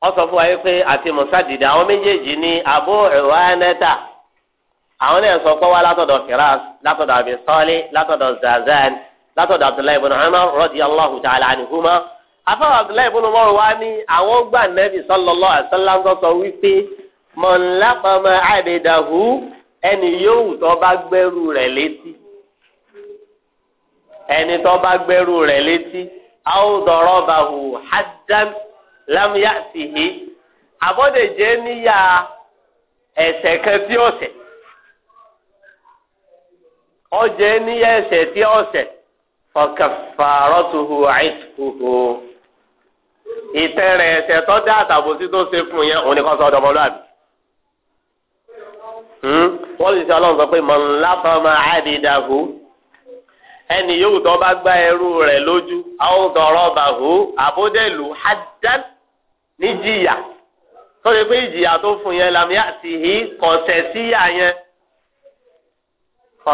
wọ́n sọ fún wa yìí pé àti musadidi àwọn méjèèjì ní abu ẹ̀wánẹ́ta àwọn náà sọ pé wá látọ̀dọ̀ firas látọ̀dọ̀ abi sọ́ọ́lì látọ̀dọ̀ zazan látọ̀dọ̀ abdullahi ibùnà umar radiyallahu ta'ala anhuma afẹ́wọ̀ abdullahi ibùnà umar wa ní àwọn gbà nẹ́bí sallallahu alaihi tó sọ wípé mọ̀nlápamọ́ àbẹ̀dàhù ẹni yóò tó bá gbẹ́rù rẹ̀ létí. ẹni tó bá gbẹ́rù rẹ̀ létí àwòdọ̀rọ̀ bá hù hajjan lámúyà sí i àbọ̀dẹ̀jẹ́ níyà ẹ̀ṣẹ̀ kan tí ọ̀sẹ̀ ọjẹ́ níyà ẹ̀ṣẹ̀ tí ọ̀sẹ̀ fọkàfàrọ́tuhù àìsùkùhù ìtẹ̀rẹ̀ ẹ̀ṣẹ̀ tó dé àtàbòsí tó ṣe fún yẹn òun ni kò sọ ọ̀dọ́mọlúwàbí hmm? wọ́n sì ṣe ọlọ́run sọ pé mọ̀ ẹni yòówù tó bá gbá ẹrú rẹ̀ lójú àwọn dọ̀rọ̀ bàhó àbódẹ́lù hadan níjìyà tó pé ìjìyà tó fún yẹn làmì àti hí kọ̀ọ̀tẹ̀ síyà yẹn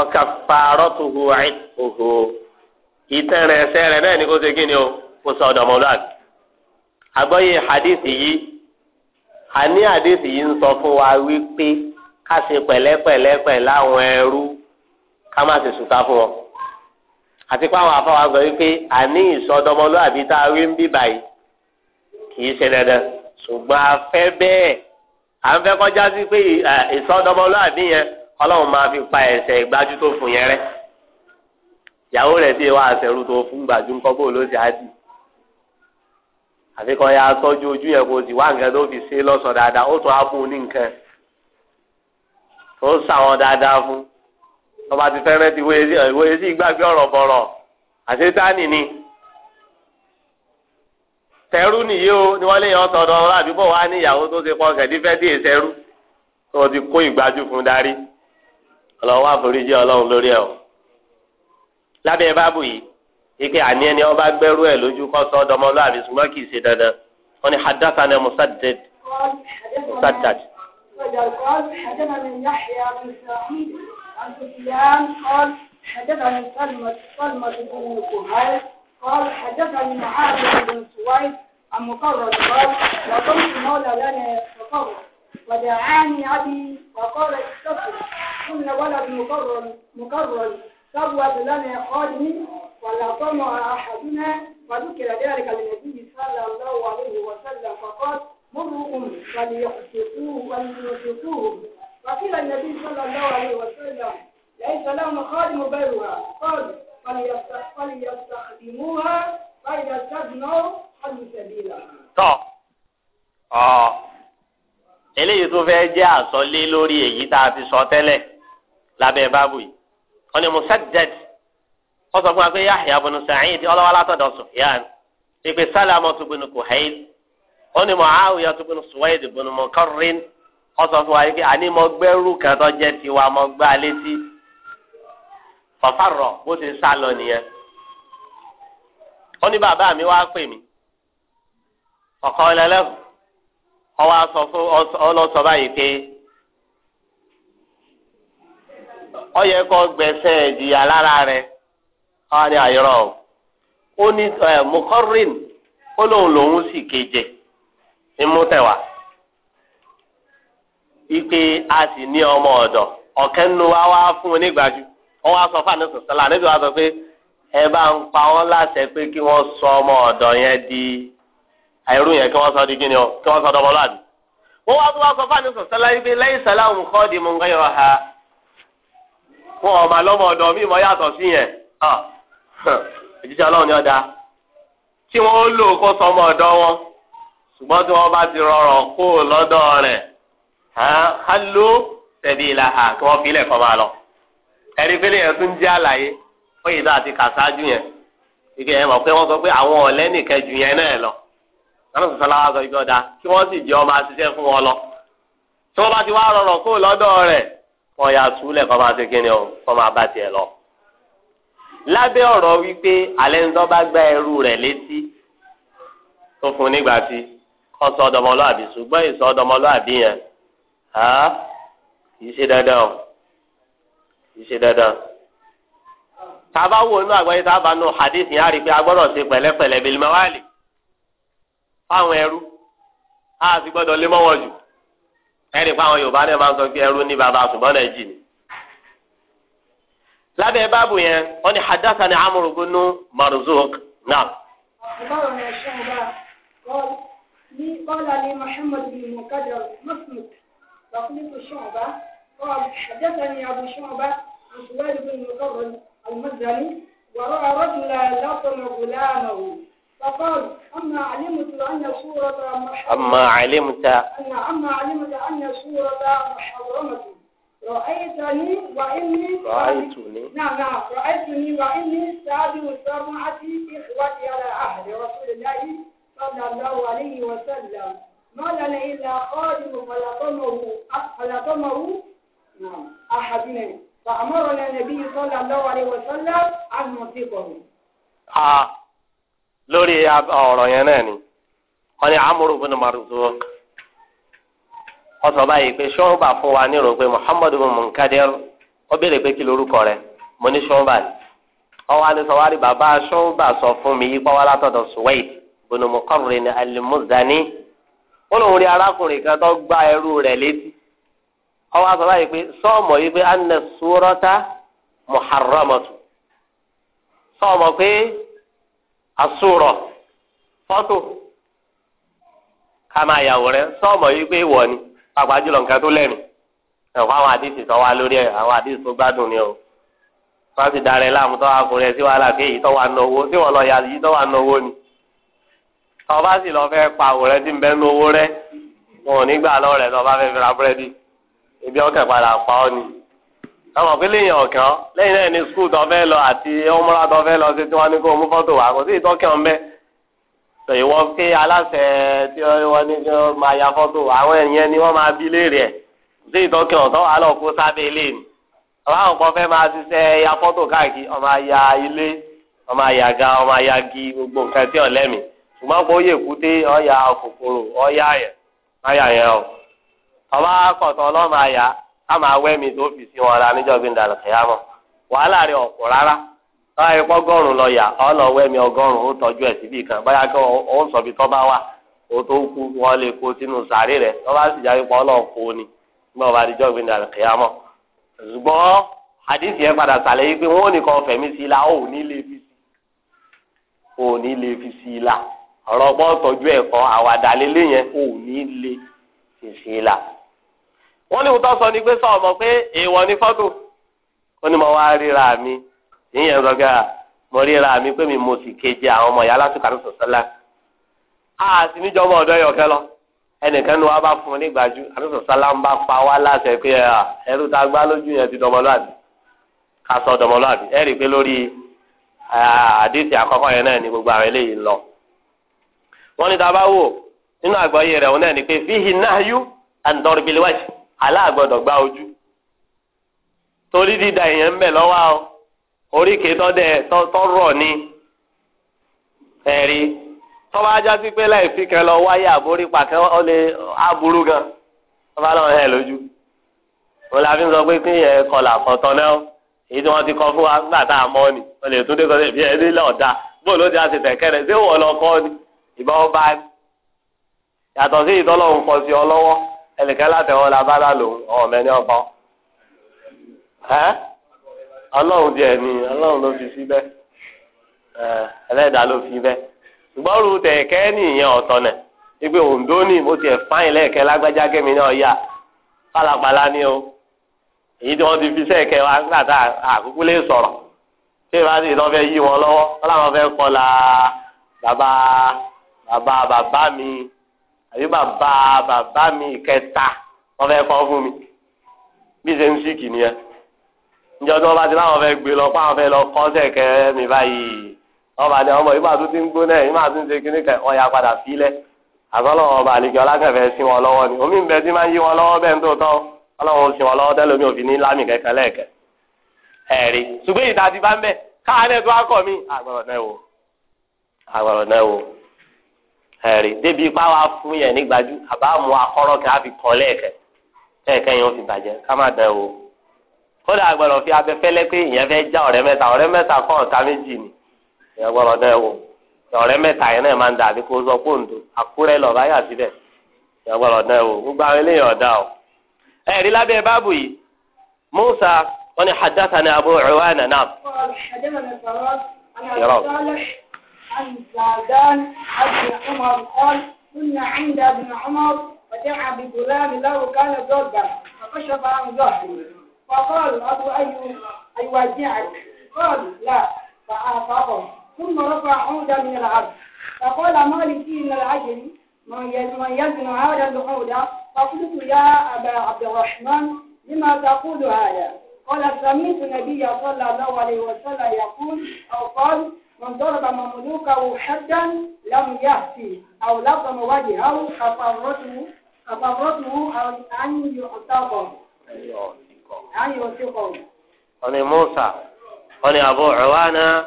ọkà pààrọ̀ tó hu àìkòhò ìtẹ̀rẹ̀ ẹsẹ̀ rẹ̀ náà ni kò ṣe o kò sọ ọ̀dọ̀mọlúwàbí àgbọ́yé hadith yìí àní hadith yìí ń sọ fún wa wípé ká ṣe pẹ̀lẹ́pẹ̀lẹ́pẹ̀ láwọn àti pé àwọn afọwọ́ àgbẹ̀ wípé àní ìsọdọmọlúwàbí tá a rí ń bí báyìí kì í ṣe dandan ṣùgbọ́n a fẹ́ bẹ́ẹ̀ à ń fẹ́ kọjá sí pé ìsọdọmọlúwàbí yẹn ọlọ́run máa fi pa ẹ̀ṣẹ̀ ìgbájú tó fún yẹn rẹ́ ìyàwó rẹ̀ sì wá àṣẹrù tó fún gbàjú ńkọ́ bó ló ṣe á dì àfikọ́ ya tọ́jú ojú yẹn kò sì wá nǹkan tó fi ṣe lọ́sọ̀ dáadáa ó tún á fún un ní nǹkan ó sàwọn dáadáa fún un tọba ti fẹ́rẹ́ ti wòye sí gbàgbé ọ̀rọ̀ bọ̀rọ̀ àṣetánì ni tẹrú nìyí o ni wọ́n lè yan tọ̀dọ̀ ọ̀rọ̀ àdúgbò wa ní ìyàwó tó ṣe pọ̀ kẹ̀dífẹ́ tí èsì ẹrú tó ti kó ìgbájú fún darí ọlọ́wọ́ àforíjì ọlọ́run lórí ẹ̀ o lábẹ́ báàbù yìí ike àní ẹni ọba gbẹ́rú ẹ̀ lójú kọ́ sọ́dọ̀ ọmọlúwàbí ṣùgbọ́n kì í ṣe dandan wọ́n ní hadathana musaddad musaddad. عن سفيان قال حدثني سلمة سلمة بن كهيل قال حدثني معاذ بن سويد عن مقرر قال وكنت مولى لنا مقرر ودعاني أبي وقال استغفر كل ولد مقرر مقرر سوت لنا خادمي ولا طمع أحدنا فذكر ذلك للنبي صلى الله عليه وسلم فقال مروا فليحفظوه وليحفظوه فقيل النبي صلى الله عليه وسلم ليس لهم خادم غيرها قال فليستخدموها فإذا استغنوا حلوا سبيلها. طب اه eléyìí tó fẹ́ jẹ́ àsọlé lórí èyí tá a ti sọ tẹ́lẹ̀ lábẹ́ báàbù yìí wọ́n ní musaddad wọ́n sọ fún wa pé yahya bin sa'id ọlọ́wọ́ látọ̀dọ̀ sufyan ìpè sálámọ̀ tó bin kuhail wọ́n ní muawiya tó bin suwaid bin mukarrin ọsọ fún wa yìí pé àní mo gbẹ́rù kan tó jẹ́ tiwa mo gbá létí fọfárọ̀ bó ti sá lọ nìyẹn ó ní bàbá mi wá pè mí ọkọ ẹlẹlẹfù ọwọ sọ fún ọlọsọ báyìí pé ó yẹ kó gbẹ̀sẹ̀ ìjìyà lára rẹ̀ ọ ní àyọrọ ah, o ó ní mọkọrin ó lóun lòun sì keje ní mú tẹwàá. ipe a sì ní ọmọ ọ̀dọ̀ ọ̀kẹ́ nínú wa wá fún un nígbàjú wọ́n wá sọ fún àdéhùn sọ́lá níbi wàá sọ pé ẹ bá ń pa wọ́n láṣẹ pé kí wọ́n sọ ọmọ ọ̀dọ̀ yẹn di àìrú yẹn kí wọ́n sọ di kíni o kí wọ́n sọ dọmọlúwàbí. wọ́n wá tún wá sọ fún àdéhùn sọ́lá ipe lẹ́yìn sẹ́lá òun kọ́ di mu ń gbẹ́yọ̀ ha fún ọmọ alọ́mọ ọ̀dọ̀ mi mọ́ yàtọ̀ sí yẹn òjíṣẹ́ ọlọ́run ni ọ̀dà tí wọ́n lò kó sọ ọmọ ọ̀dọ̀ wọn ṣùgbọ́n tí wọ́n halo tẹ̀lé ìlà hà kí wọ́n filẹ̀ kọ́ máa lọ. ẹ̀rí pélé yẹn tún jẹ́ àlàyé ó yìí dáa ti kà sáájú yẹn ìgbẹ́ yẹn mọ̀ pé wọ́n sọ pé àwọn ọ̀lẹ́ nìkan ju yẹn náà lọ. lọ́nà sọ̀tàn láwa sọ ibi ọ̀dà kí wọ́n sì jẹ́ ọmọ àṣiṣẹ́ fún wọn lọ. tí wọ́n bá ti wá rọrọ̀ kó lọ́dọ̀ rẹ̀ wọ́n yà súlẹ̀ kọ́ máa ṣe kíni o kọ́ máa bá tiẹ̀ lọ. lábẹ́ ọ̀rọ̀ wípé alẹ́ ń tọ́ bá ẹrú rẹ̀ létí tó fún nígbà tí kọ́ sọ́dọ̀mọlúàbí ṣùgbọ́n ìsọdọ̀mọlúàbí yẹn Haa, kì í ṣe dandan o kì í ṣe dandan. tába wo inú àgbáyé nù hadith yẹn á rí pé a ṣe pẹ̀lẹ́pẹ̀lẹ́ bil mawali fáwọn ẹrú á sì gbọ́dọ̀ lé mọ́wọ́ jù ẹ̀rí fáwọn Yorùbá náà máa ń sọ pé ẹrú ní baba àtùbọ́n náà jì ní. lábẹ́ báàbù yẹn wọ́n ní náà. تقليد الشعبة قال حدثني أبو شعبة عن سويد بن مقرن المزني ورأى رجلا لطم غلامه فقال أما علمت أن صورة محرمة أما علمت أن أما علمت أن صورة محرمة رأيتني وإني رأيتني نعم نعم رأيتني وإني سابع سمعتي إخوتي على عهد رسول الله صلى الله عليه وسلم نولد إلا قادم فلطمه فلطمه أحدنا فأمرنا النبي صلى الله عليه وسلم أن نطيقه. آه lórí ọ̀rọ̀ yẹn náà ni wọ́n ní amúrú bínú marzuq wọ́n sọ báyìí pé ṣọ́ọ́bà fún wa ní ìròpé muhammadu munkadir ó béèrè pé kí lorúkọ rẹ̀ mo ní ṣọ́ọ́bà ni wọ́n wá ní sọ́wárí bàbá ṣọ́ọ́bà sọ fún mi yípa wá látọ̀dọ̀ suwaid bínú muqarrin al ó lóun rí arákùnrin kan tó gba ẹrú rẹ̀ létí ọwọ́ aṣọ báyìí pé sọ́ọ̀mọ̀ yìí pé anna sùúrọ́tà muharramatu sọ́ọ̀mọ̀ pé àsùrọ̀ fọ́tò ká máa rẹ sọ́ọ̀mọ̀ yìí pé wọ̀ ni pàápàá jùlọ nǹkan tó lẹ́nu ẹ̀kọ́ àwọn àdìsí tó wá lórí ẹ̀ àwọn àdìsí tó gbádùn ni o wọ́n ti darẹ̀ láàmú tó wá fún rẹ̀ sí wàhálà pé èyí tó wà sí ni. ọba sì lọ fẹ́ pa àwòrán tí ń bẹ ní owó rẹ wọn ò ní gbà lọ rẹ lọba fẹ́ fi ra búrẹ́dì ọkẹ padà pa ọ ni àwọn òpin lèèyàn ọ̀kan lẹ́yìn náà ní skul tó fẹ́ lọ àti ọmọlá tó fẹ́ lọ sí tí ní kó mú fọ́tò wá kò sí ìtọ́kẹ́ ọ̀n bẹ́ẹ̀ sọ ìwọ pé aláṣẹ tí wọ́n ní kí wọ́n máa ya fọ́tò àwọn èèyàn ni wọ́n máa bí léèrè ẹ̀ kò sí ìtọ́kẹ́ ọ̀n wà lọ kó ilé ni àwọn àwọn kan fẹ́ máa ṣiṣẹ́ ya fọ́tò káàkiri ọmọ aya ilé ọmọ aya ọmọ aya gbogbo nǹkan tí ọ̀lẹ́mìí ṣùgbọ́n kò yẹ kúté ọ̀yà kòkòrò ọ̀yà yẹn ọ̀yà yẹn o ọba akọ̀tọ̀ ọlọ́mọ àyà ká máa tó fi si wọn ra níjọ́ gbé ndàlẹ̀ kẹ́yàmọ̀ wàhálà rẹ̀ ọ̀pọ̀ rárá báyìí pọ́gọ́rùn-ún lọ́ọ̀yà ọ̀nà wẹ́mi ọgọ́rùn-ún ó kan báyà kí ó ń tọ́ bá wà ó tó kú wọn lè kó sínú sàárè sì ni àdìsí i la ó ní ọ̀rọ̀ ọgbọ́n tọ́jú ẹ̀kọ́ àwàdà lélẹ̀ yẹn ò ní le ṣèṣe là. wọ́n ní òótọ́ sọ ni pé sọ ọmọ pé èèwọ̀ ni fọ́tò ó ní mo wá ríra mi ìyẹn gbọ́gà mo ríra mi pé mi mo sì keje àwọn ọmọ ìyá látùkà tó sọ̀sọ́lá. a sì níjọ ọmọ ọ̀dọ́ yọ̀kẹ́ lọ ẹnìkan ní wa bá fún un ní gbàjú àtúntò sálá ń bá pa wá láṣẹ pé ẹrú tá gbá lójú yẹn ti dọmọlúwàbí ká sọ dọmọlúwàbí ẹ rí i pé lórí àdìsí àkọ́kọ́ yẹn náà ni gbogbo àwọn eléyìí lọ wọ́n ní taba wò nínú àgbáyé rẹ̀ wọn náà ní pé fihi nahyu andorbiliwájú aláàgbọ̀dọ̀ gbá ojú torí dídá èèyàn ń bẹ̀ lọ́wọ́ o oríkèé tọ́dẹ̀ tọ́rọ̀ ni ẹ̀rí tọ́wọ́ ajá sí pé láì fi kan lọ wáyé àbórí pàkẹ́ ọ lè aburú gan ọba náà hẹ̀ lójú wọn la fi ń sọ pé kí ẹ kọlà fọ̀tọ̀ náà èyí tí wọ́n ti kọ́ fún wa nígbà tá a mọ́ ni wọ́n lè tún dé sọ pé ìbí ẹ nílẹ̀ ọ̀dà bóòlù ó ti àṣetẹ̀kẹ́ rẹ̀ ṣé wọ́n lọ kọ́ ni ìbá ọba yàtọ̀ sí ìtọ́lọ́hún kọ sí ọ lọ́wọ́ ẹnìkan látẹ̀wọ́ la bá lálòun ọ̀mẹ ní ọ̀pọ̀ ẹ́ ọlọ́run díẹ̀ ni ọlọ́run ló fi sí bẹ́ẹ̀ ẹlẹ́dàá ló fi bẹ́ẹ̀ ṣùgbọ́n rú tẹ̀kẹ́ nìyẹn ọ̀tọ̀ nẹ̀ ipe òǹdó ni mo tiẹ̀ fáyìn lẹ́ẹ̀kẹ́ lágbájá kẹ́mi náà yá pálapàla ni o èyí tí wọ́n ti fi sẹ́ẹ̀kẹ́ wa nígbà tá àkúkú lè sọ̀rọ̀ ṣé ìbá sì lọ́ fẹ́ yí wọn lọ́wọ́ wọ́n fẹ́ kọ́ la bàbá bàbá bàbá mi àbí bàbá bàbá mi kẹta wọn fẹ́ kọ́ fún mi bí ṣe ń sìkì nìyẹn níjọ́ tí wọn bá ti láwọn fẹ́ gbé lọ fáwọn fẹ́ lọ kọ́ sẹ̀kẹ́ mi báyìí wọn bá ní ọmọ yìí máa tún ti ń gbóná yìí máa tún ṣe kíní kẹ ọyà padà sílẹ̀ àtọ́lọ́ ọba àlejò alákẹ̀fẹ́ sí wọn lọ́wọ́ ni omi ń bẹ tí máa ń yí wọn lọ́wọ́ bẹ́ẹ̀ ń tó tọ́ ọlọ́run sí wọn lọ́wọ́ tẹ́lẹ̀ omi òfin ní lámì kẹ́kẹ́ lẹ́ẹ̀kẹ́ ẹ̀rí ṣùgbọ́n ìdajì bá ń bẹ̀ káà náà tó wá kọ̀ àgbọ̀rọ̀ náà wò àgbọ̀rọ̀ náà wò ẹ̀rí débi ipá wa fún yẹn nígbàjú àbá mu akọ́rọ́ kí a fi kàn lẹ́ẹ̀kẹ́ ẹ̀kẹ́ yẹn ó fi bàjẹ́ ká má bẹ̀ wò. kódà gbọ́dọ̀ fi abẹ́fẹ́lẹ́ pé ìyẹn fẹ́ já ọ̀rẹ́ mẹ́ta ọ̀rẹ́ mẹ́ta kọ́ ọ̀tá méjì ni ìyẹn gbọ́dọ̀ dẹ́ wò ọ̀rẹ́ mẹ́ta yẹn náà máa ń dàbí kó sọ pòǹdò àkúrẹ́ lọ báyà síbẹ̀ ìyẹn gbọ́dọ̀ dẹ́ عن زادان ابن عمر قال كنا عند ابن عمر فدعا بغلام له كان زوجا فكشف عن زوجه فقال ابو ايوب ايواجعك قال لا فاعطاه ثم رفع عودا من العبد فقال مالك من العجل ما يزن هذا العودا فقلت يا ابا عبد الرحمن لما تقول هذا قال سمعت النبي صلى الله عليه وسلم يقول او قال من ضرب مملوكه حدا لم يأتي أو لطم وجهه أفرته أفرته أن يعتقم أن يعتقم أني موسى أني أبو عوانة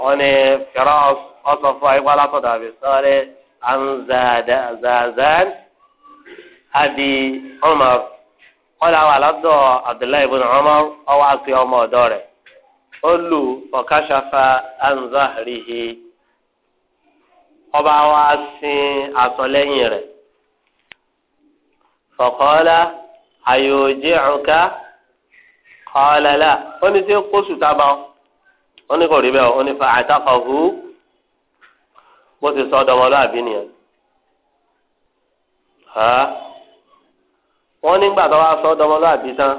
أني فراس أصف ولا تدع بصالح عن زاد زازان أبي عمر قال على عبد الله بن عمر أو عصي عمر داره ọlù ọ̀kàṣàfà anzahrihi ọba wa sin àtọ̀lẹ́yìn rẹ̀ fọ̀kọ́lá àyòjì ọ̀ká kọ́lẹ́lá ó ní tí kó sùtà bá ó ní kò rí bẹ́ẹ̀ ó ní fa àtàkọ̀hù bó ti sọ ọdọmọlúàbí nìyẹn wọ́n nígbà tó wá sọ ọdọmọlúàbí tán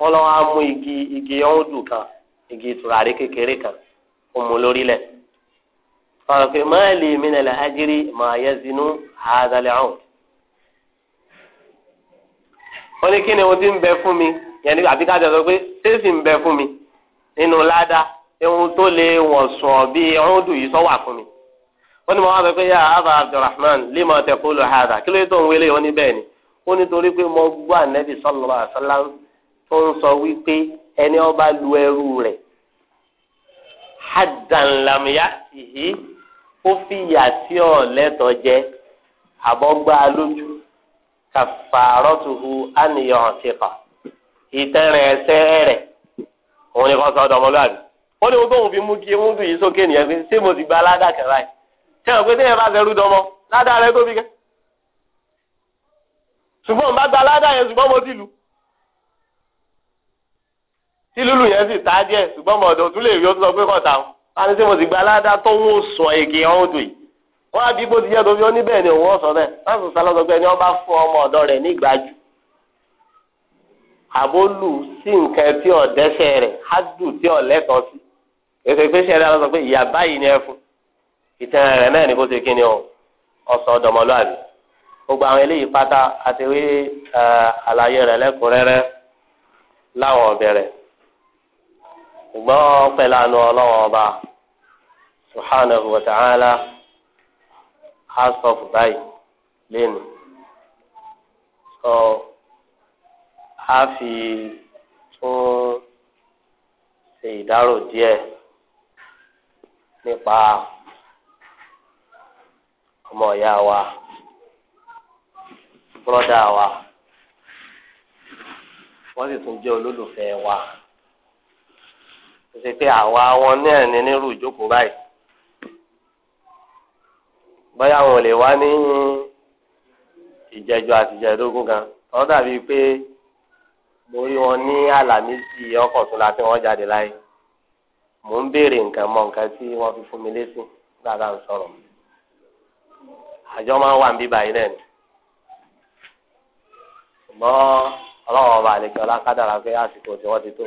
wọ́n lọ wá mú igi igi ọ̀húndù kan igi tùràrí kékeré kan ọmọ lórí lẹ̀ fọlọ́ pé má lè mí nà lè ájírí má yẹ zinú àádọ́lẹ̀ ọ̀hún. wọ́n ní kí ni ohun tí ń bẹ fún mi yẹn ní àbí ká jọ sọ pé ṣéèsì ń bẹ fún mi nínú ládàá ohun tó lè wọ̀n sọ bí ọ̀húndù yìí sọ wà fún mi. wọ́n ní mo wá sọ pé yà ábà abdulrahman lè mọ̀ tẹ̀kọ́ kí ló tó ń wele ó ní ni ó nítorí pé mo gbọ́ tó ń sọ wípé ẹni ọba lu ẹrú rẹ̀ haddan lamya tìhí ó fi ìyà tí ò lẹ́tọ̀ọ́ jẹ àbọ̀gbá lójú kàfàrọ́tuhu àníyàn ṣèkà ìtẹ̀rẹ̀ ẹsẹ̀ rẹ̀ òun ni kò sọ ọ̀dọ́mọlúwàbí ó ní gbogbo òun fi mú kí ewu dùn yìí sókè nìyẹn pé ṣé mo ti gba aládà kan láì ṣé o pé téèyàn bá fẹ́ rúdọ mọ́ ládà rẹ tóbi kẹ́ ṣùgbọ́n bá gba aládà yẹn ṣùgbọ́n mo ti lù tí lulu yẹn sì tá díẹ̀ ṣùgbọ́n mọ̀ ọ̀dọ̀ tún lè rí o tún sọ pé kọ̀tà o láti ṣe mo sì gba aládá tó ń sọ èké ọ̀hún odò yìí wọ́n á bí bó ti jẹ́ tó fi ó níbẹ̀ ni òun ọ̀sán náà láti sọ lọ́sọ pé ẹni wọ́n bá fún ọmọ ọ̀dọ́ rẹ̀ ní ìgbájú àbólù sí nǹkan tí ọ̀dẹ́sẹ̀ rẹ̀ á dùn tí ọ̀lẹ́tọ̀ọ́ sí èsì ìpèsè rẹ̀ lọ́sọ pé ìyá báyìí ni ẹ fún ìtẹ̀rẹ̀ rẹ̀ náà ni ṣùgbọ́n pẹ̀lú ọlọ́wọ́n ọba subhanahu wa ta'ala á sọ fún lẹ́nu sọ á fi tún ṣe ìdárò díẹ̀ ọmọ ìyá wa bọ́dà wa wọ́n sì tún wa. ṣe pé àwa wọn náà ní nírú ìjókòó báyìí bóyá wọn ò lè wá ní ìjẹjọ àti ìjẹdógún kan ọ dàbí pé mo rí wọn ní àlàmísì ọkọ̀ tó la fi wọn jáde láyé mò ń béèrè nǹkan mọ nǹkan tí wọn fi fún mi lésì dáadáa ń sọ̀rọ̀ àjọ máa ń wà níbí báyìí náà ni ṣùgbọ́n ọlọ́wọ́ ọba àlejò ọlá kádàrá pé àsìkò tí wọ́n ti tó.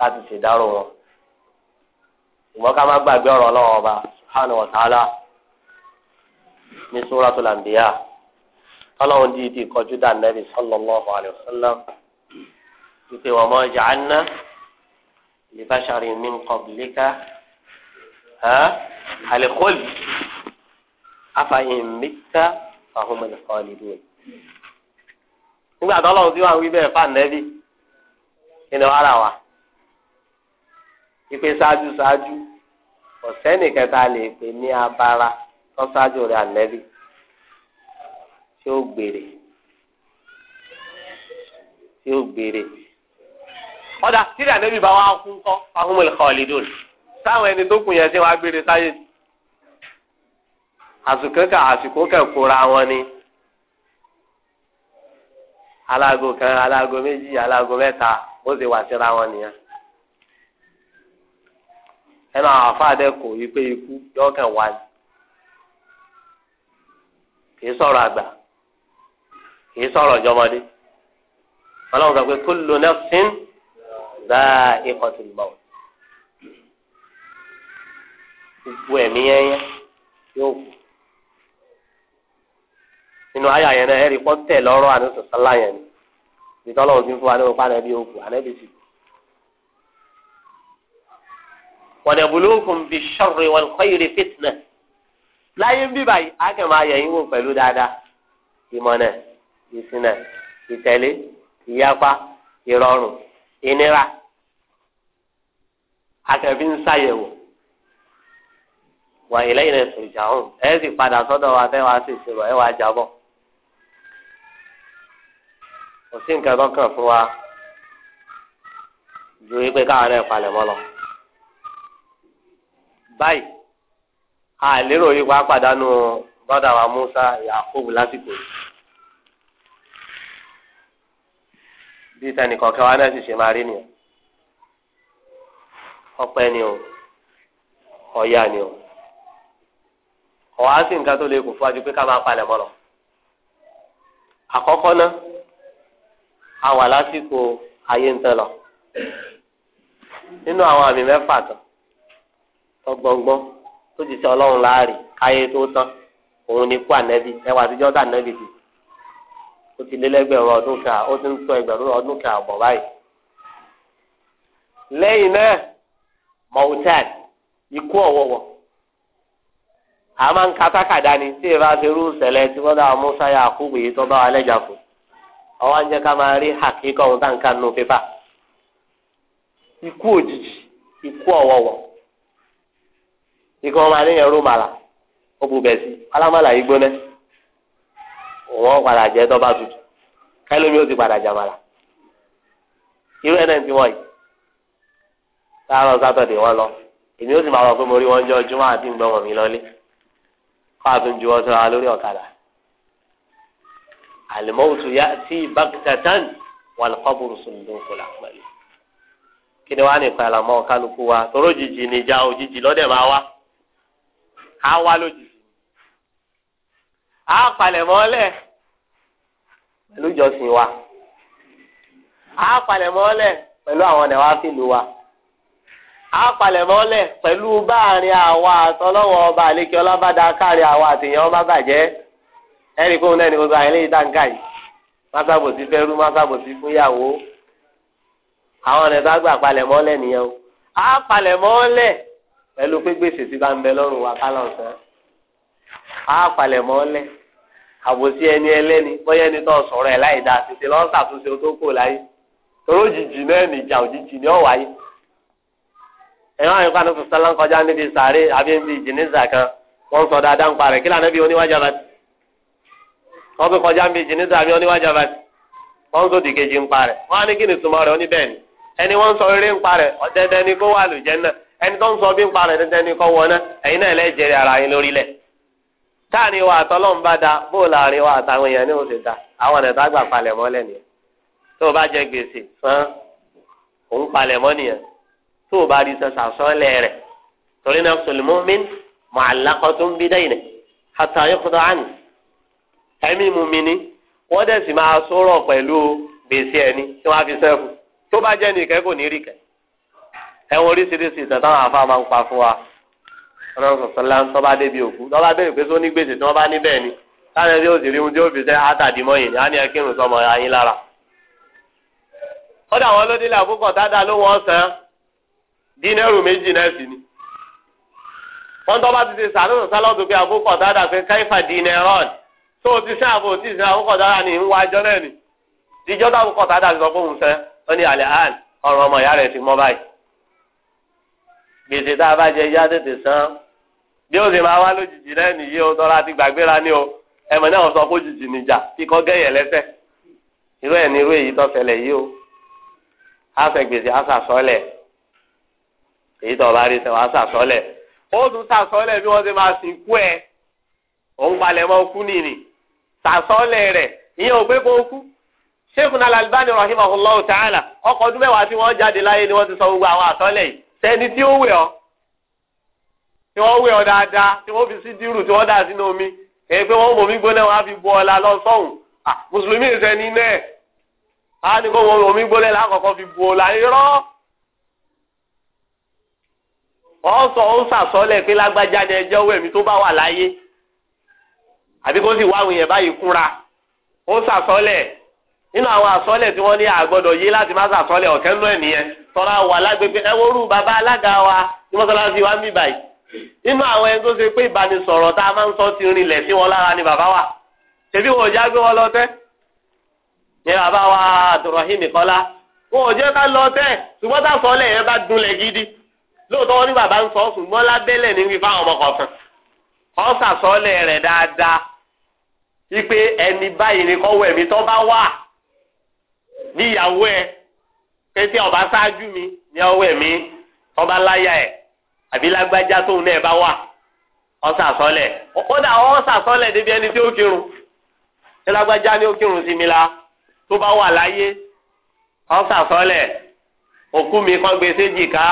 láti ṣèdárò wọn ṣùgbọ́n ká má gbàgbé ọ̀rọ̀ ọlọ́wọ́ ọba subhanahu wa ta'ala ní suratul anbiya ọlọ́run dídì kọjú dà nẹ́bí sallallahu alayhi wa sallam wípé wa ma ja'alna li basharin min qablika al-khuld afain mitta fahum al-khalidun nígbà tó tí wọ́n wí bẹ́ẹ̀ fà kí ni wàá rà wá ìpè ṣáájú ṣáájú ọ̀sẹ́nìkan tá a lè pè ní abara tó ṣáájú rẹ̀ ànẹ́bí tí ó gbèrè tí ó gbèrè. ọ̀dà tíri ànẹ́bí bá wa kú kọ́ fahumul khalidun táwọn ẹni tó kù yẹn tí wàá gbèrè sáyé àsìkò kà àsìkò kà kóra wọn ni aláago kan aláago méjì aláago mẹ́ta bó ṣe wà síra wọn nìyẹn. ẹnu àwọn afáàdẹ kò yí iku ikú yọ kàn wá ní kìí kìí sọ pé kullu gbogbo yẹn yóò ẹ̀rí tẹ̀ lọ́rọ́ ni ti fún wa ní ọ̀pá rẹ̀ bí yóò wọnẹbùlùkùn bí sọ̀rọ̀ wọn kọyìrì fitna láyé ń bí báyìí a kàn máa yẹ yín wò pẹ̀lú dáadáa ìmọ̀nà ìṣìnà ìtẹ̀lé ìyapa ìrọ̀rùn ìnira akẹ́bí ń ṣàyẹ̀wò wà ìlẹ́yìn ẹ̀sùn ìjàhùn ẹ̀ sì padà sọ́dọ̀ wa fẹ́ wá sí ìṣirò ẹ̀ wá jábọ̀ kò sí nǹkan tó kàn fún wa ju wípé káwọn ẹ̀ palẹ̀mọ́ lọ. báyìí àìlérò yìí wàá pàdánù bọ́dà wa Musa Yakubu lásìkò yìí. bí tẹnìkan kẹwàá náà sì ṣe máa rí ni o ọyà ni o ọwá sí nǹkan tó lè kù fún wa ju pé ká máa palẹ̀ mọ́ lọ. àkọ́kọ́ náà a wà lásìkò ayé ń lọ nínú tọgbọngbọn tó ti sọ ọlọ́run láàrin káyé tó tán òun ni ànẹ́bí ẹwà àtijọ́ tá ànẹ́bí ti ó ti lé lẹ́gbẹ̀rún ọdún kan ó ti ń tọ́ ẹgbẹ̀rún ọdún kan báyìí. lẹ́yìn náà ikú ọ̀wọ̀wọ̀ a máa ń ni tí ti rú tí wọ́n yìí tó wa lẹ́jà fún ọwọ́ rí àkíkọ́ ohun tá ikọ̀ ọmọ aníyàn ró màlà ó bu bẹ̀ sí alámàlà yìí gbóná wọ́n padà jẹ́ dọ́bà tutù kẹlẹ́mi ó ti padà jàmàlà irú ẹ̀ náà ti wọ̀nyí sáárọ̀ sátọ̀dé wọn lọ èmi ó sì máa wọ pé mo rí wọn jọ júmọ́ àti ìgbọ̀ngàn mi lọ́lé kó a tún ju wọn sọ́ra lórí ọ̀kadà àlùmọ́wùtù yá sí bàkítàtàn wàlùkọ́bùrù sùndùnkùlà pẹ̀lú kí ni wàá nìkan àlàmọ́ kálukú wa toró jìjì nìjà òjijì lọ́dẹ̀ máa wá á wá lójijì á palẹ̀ mọ́lẹ̀ pẹ̀lú ìjọsìn wa á palẹ̀ mọ́lẹ̀ pẹ̀lú àwọn ọ̀nà wa fìlú wa á palẹ̀ mọ́lẹ̀ pẹ̀lú báàrin àwa àtọ́lọ́wọ́ ọba àlékè ọlábàdà káàrin àwa àtìyàn ọba bàjẹ́ ẹnì kóhun náà ni gbogbo àyẹ̀lẹ́ yìí dáńgá yìí mọ́sábòsí fẹ́rú mọ́sábòsí fúnyàwó àwọn ọ̀nà tá a gbà palẹ̀ mọ́lẹ̀ nìyẹn o á palẹ̀ mọ́lẹ̀ pẹ̀lú pé gbèsè ti bá ń bẹ lọ́rùn wa kálọ̀ sàn á palẹ̀ mọ́ lẹ̀ àbòsí ẹni ẹlẹ́ni bóyá ẹni tó sọ̀rọ̀ ẹ̀ láì dáa tètè lọ́ ṣàtúnṣe tó kò láyé toró jìjì náà nìjà òjijì ni ó wáyé ẹ̀rọ àyùn kan tó sálá ń kọjá níbi sàárè àbí níbi ìjìnìza kan wọ́n sọ dáadáa ń parẹ̀ kí lànà bí oníwájà bá ti wọ́n fi kọjá níbi ìjìnìza àbí oníwájà bá ti wọ́n sọ dìkejì ń parẹ̀ wọ́n á ní kí ni túmọ̀ rẹ̀ oníbẹ̀ẹ́ni ẹni wọ́n sọ eré ń parẹ̀ ọ̀dẹ́dẹ́ ni kó wà lùjẹ́ náà ẹni tó ń sọ bí ń parẹ́ dandan ní kọ́ wọná ẹ̀yin náà lẹ́jẹ̀rẹ̀ ara yín lórílẹ̀ táàrin wa àtọ́lọ́run bá da bó láàrin wa àtàwọn èèyàn ní oṣù ta àwọn ọ̀nà tágbà palẹ̀ mọ́ lẹ́nìyẹn tó o bá jẹ gbèsè san òun palẹ̀ mọ́ nìyẹn tó o bá rí san sàsọ́lẹ̀ rẹ̀ torí náà sùlùmọ́mìn mu'allaqatun bidaynihi hatta yuqda anhu ẹ̀mí mu mi ni wọ́n dẹ̀ sì máa sọ̀rọ̀ pẹ̀lú gbèsè ẹni tí wọ́n á fi sẹ́fù tó bá jẹ́ nìkẹ́ kò ní rí kẹ́ ẹ wọ oríṣiríṣi ìtàn táwọn àfa máa ń pa fún wa ọlọ́run sọ̀tàn láń tọ́ba débi òkú tọ́ba débi pé sóní gbèsè tí wọ́n bá níbẹ̀ ni táwọn ẹbí òsì rí ohun tí ó fi sẹ́ átàdímọ́yìn ní á ní ẹ sọmọ ayín lára. kódà wọn ló délé àbúkọ̀ dáadáa ló wọ́n sàn dínẹ́rù méjì náà sì ni. wọ́n tọ́ba ti ṣe sàánù sálọ́dún pé àbúkọ̀ dáadáa pé káífà dínẹ́rọ̀n tó o ti sẹ́ àbò tí ìsìn àbúkọ̀ ní ìwà náà ni. ìjọba àbúkọ̀ dáadáa ti sọ fóun sẹ́ ó ní àlẹ́ àn ọ̀rọ̀ ọmọ ìyá rẹ̀ ti mọ́ báyìí. gbèsè tá a bá jẹ yá tètè san bí ó sì máa wá lójijì náà nìyí o tọ́ra ti gbàgbéra ní o ẹ̀mọ̀ náà sọ fún jìjì níjà kíkọ́ gẹ̀yẹ̀ lẹ́sẹ̀ irú ẹ̀ ní irú èyí tó ṣẹlẹ̀ yìí o á fẹ́ gbèsè á sàsọ́lẹ̀ èyí tó bá rí sẹ́wọ̀n á sàsọ́lẹ̀ ó tún sàsọ́lẹ̀ bí wọ́n ti máa sìn kú ẹ̀ òun palẹ̀ mọ́ kú nìyí sàsọ́lẹ̀ rẹ̀ ìyẹn ò pé kó kú Sheikhuna Al-Albani ta'ala ọkọ̀ ọdún mẹ́wàá tí wọ́n jáde láyé ni wọ́n ti sọ gbogbo àwọn àsọ́lẹ̀ yìí tẹni tí ó wẹ ọ tí wọ́n wẹ̀ ọ dáadáa tí wọ́n fi sí dírù tí wọ́n dà sínú omi èyí pé wọ́n mọ̀mí gbóná wọn á fi bu ọ̀la lọ sọ́hùn mùsùlùmí ìsẹ́ni náà á ní kó wọn omi gbóná kọkọ fi bu ọ̀la irọ́ wọ́n sọ ó sàsọ́lẹ̀ pé lágbájá ni ẹjọ tó bá wà láyé àbí kó sì wá àwọn èèyàn báyìí kúnra ó nínú àwọn tí ní yé láti má tọ́ra wà lágbègbè ẹ wọ́rù bàbá alága wa ní mọ́sálásí wa ń bì báyìí nínú àwọn ẹni tó ṣe pé ìbánisọ̀rọ̀ tá a máa ń sọ ti rinlẹ̀ sí wọn lára ni bàbá wa ṣèbí wọn ò já gbé wọn lọ tẹ́ ní bàbá wa Abdulrahim Kọ́lá wọn ò jẹ́ ká lọ tẹ́ ṣùgbọ́n tá a sọ lẹ́yìn bá dunlẹ̀ gidi lóòótọ́ wọn ní bàbá ń sọ ṣùgbọ́n lábẹ́lẹ̀ ní wípé àwọn ọmọ kọ̀ọ̀kan ni kọ́wọ́ tẹ́tí ọba ṣáájú mi ní ọwọ́ ẹ̀mí ọba láyà ẹ̀ àbí lágbájá tóun náà bá wà ọ̀sàsọ́lẹ̀ kódà ọ̀sàsọ́lẹ̀ débi ẹni tí ó kírun tí lágbájá ni ó kírun sí mi la tó bá wà láyé ọ̀sàsọ́lẹ̀ òkú mi kọ́ gbé séjì ká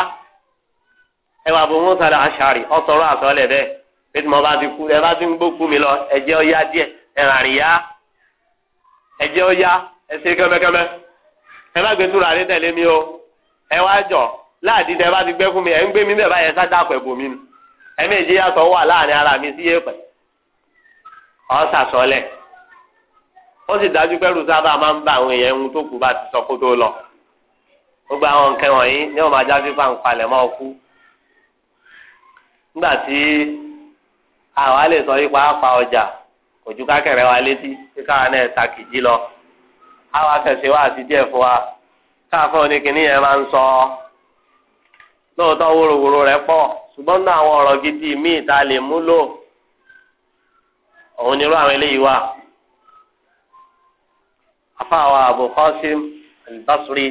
ẹwà bò wọ́n àṣàrì ọ̀sọ̀rọ̀ àsọ́lẹ̀ bẹ́ẹ̀ pé mo bá ti kú ẹ bá ti ń gbókú mi lọ ẹ̀jẹ̀ ọ̀yá díẹ̀ ẹ̀ràn àríyá ẹ̀jẹ̀ ọ̀yá ẹ̀sẹ̀ kẹ́mẹ́kẹ́mẹ́ ẹ má gbé túra rí tẹ̀lé mi o ẹ wá jọ láàdí tẹ bá ti gbẹ́ fún mi ẹ ń gbé mi bẹ́ẹ̀ báyẹn ká dàpọ̀ ẹ̀bùn mi ni ẹ méje yàtọ̀ wà láàrin ara mi sí yẹ̀pẹ̀ ọ̀ sàsọlẹ̀ ó sì dájú pẹ́rù sábà máa ń bá àwọn èèyàn ohun tó kù bá ti sọ kó tó lọ gbogbo àwọn nǹkan wọ̀nyí ní ọmọ ajá fífa ń palẹ̀ mọ́ ọkú nígbà tí àwa lè sọ yípa apá ọjà kò ju kákẹ́rẹ́ wa létí kíkà náà ta kìjí lọ àwọn akẹsẹ wa àti díẹ̀ fún wa káfọ ní kíní yẹn máa ń sọ lóòótọ́ wóróworó rẹ̀ pọ̀ ṣùgbọ́n náà àwọn ọ̀rọ̀ gidi míì tá lè mú lò òun nírú àwọn eléyìí wà afáwa Abu Qasim al-Basri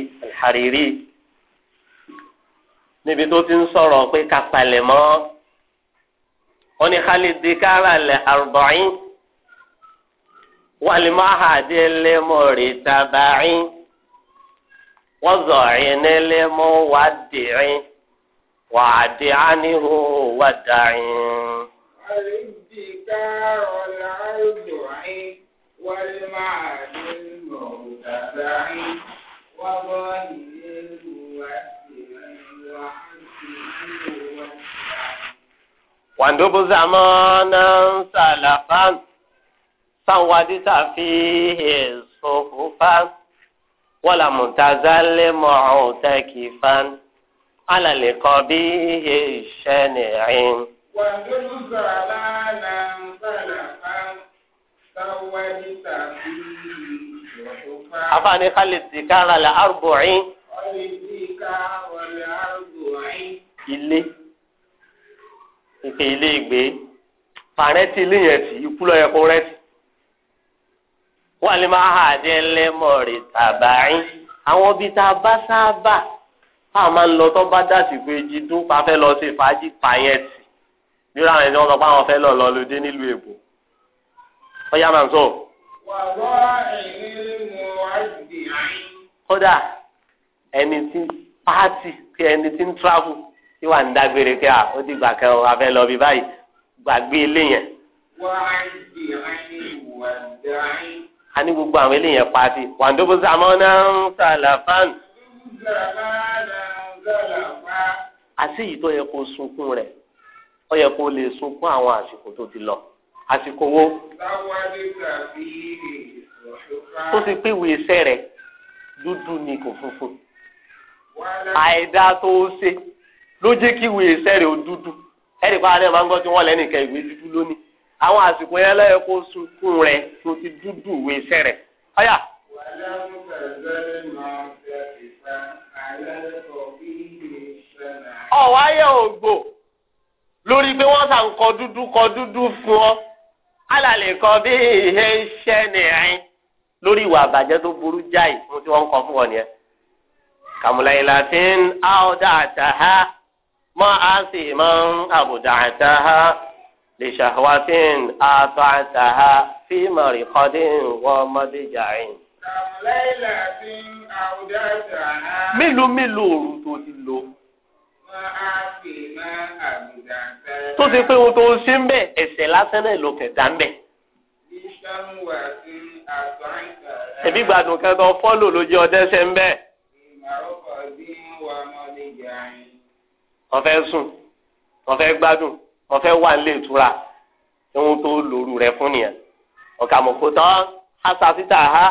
níbi tó ti ń sọ̀rọ̀ pé kápálẹ̀ mọ́ wọn ni khalid dikara lẹ arba'in. والمعهد المرتبع وضعن المودع وعد عنه ودع الابتكار الأرجع والمعهد المرتبع وضعن واندب زمانا سلفا sáwadìtà fi sọfúnfà wọlà mùtàzálẹ mọ̀ọ́tẹ́kìfán alàlẹ́ kọ́ bí ìṣẹ́nìrín. وثلث علانا فلفا سودت فيه عفاني خلي الذكر على أربعين ilé ìpè ilé ìgbé fàrẹ́tì ilé yẹn ti ikú lọ yẹ kó rẹ́tì wọ́n lè máa hà dé lẹ́mọ̀rì tàbáyín àwọn ibi tá a bá sábà tá a máa ń lọ tó bá dàsìkò èjì dún pa fẹ́ lọ sí fàájì pààyẹ́tì nírú àwọn ẹni wọ́n sọ pé àwọn fẹ́ lọ lọ lóde nílùú èbó ọyá màá sọ. kódà ẹni tí pààtì ẹni tí ń travel tí wà ń dágbére kí a ó dìgbà kan wà fẹ́ lọ bí báyìí gbàgbé ilé yẹn. wàá di àyè wà dáhìn a ní gbogbo àwọn eléyẹn pàtì wàǹdóbó sàmọ́ náà ń sàlàfàn. àti èyí tó yẹ kó sunkún rẹ̀ ó yẹ kó lè sunkún àwọn àsìkò tó ti lọ àsìkò wo. tó ti pé ìwé iṣẹ́ rẹ̀ dúdú ni kò funfun àìdá tó ṣe ló jẹ́ kí ìwé iṣẹ́ rẹ̀ ó dúdú ẹ̀rí pa àárẹ̀ máa ń gbọ́ tí wọ́n lẹ́nìkan ìwé dúdú lónìí. àwọn àsìkò yẹn lẹ́yìn kó sunkún rẹ̀ tó ti dúdú ìwé iṣẹ́ rẹ̀. ọ̀yà. ọ̀wọ́ ayé ògbò lórí pé wọ́n sàn kọ dúdú kọ dúdú fún ọ alàlẹ́ kọ́ bí ìhẹ́ iṣẹ́ nìyẹn lórí ìwà àbàjẹ́ tó burú jáì fún tí wọ́n ń fún ọ nìyẹn. kàmùlẹ́yìnlá ti ń áọ̀dà àtàhà mọ́ àásì mọ́ àbùdà àtàhà. لشهوة أطعتها في مرقد ومضجع mélòó mélòó oorun tó ti lò tó ti pé ohun tó ṣe ń bẹ ẹsẹ̀ lásán náà ló kẹta ń bẹ. ẹbí gbádùn kan tó fọ́lò ló ọdẹ ṣe ń bẹ. wọ́n fẹ́ sùn wọ́n fẹ́ gbádùn ọ̀fẹ́ wà nílé ìtura ohun tó lòrù rẹ̀ fún nìyẹn ọ̀kà mọ̀kò tán asàfítà ha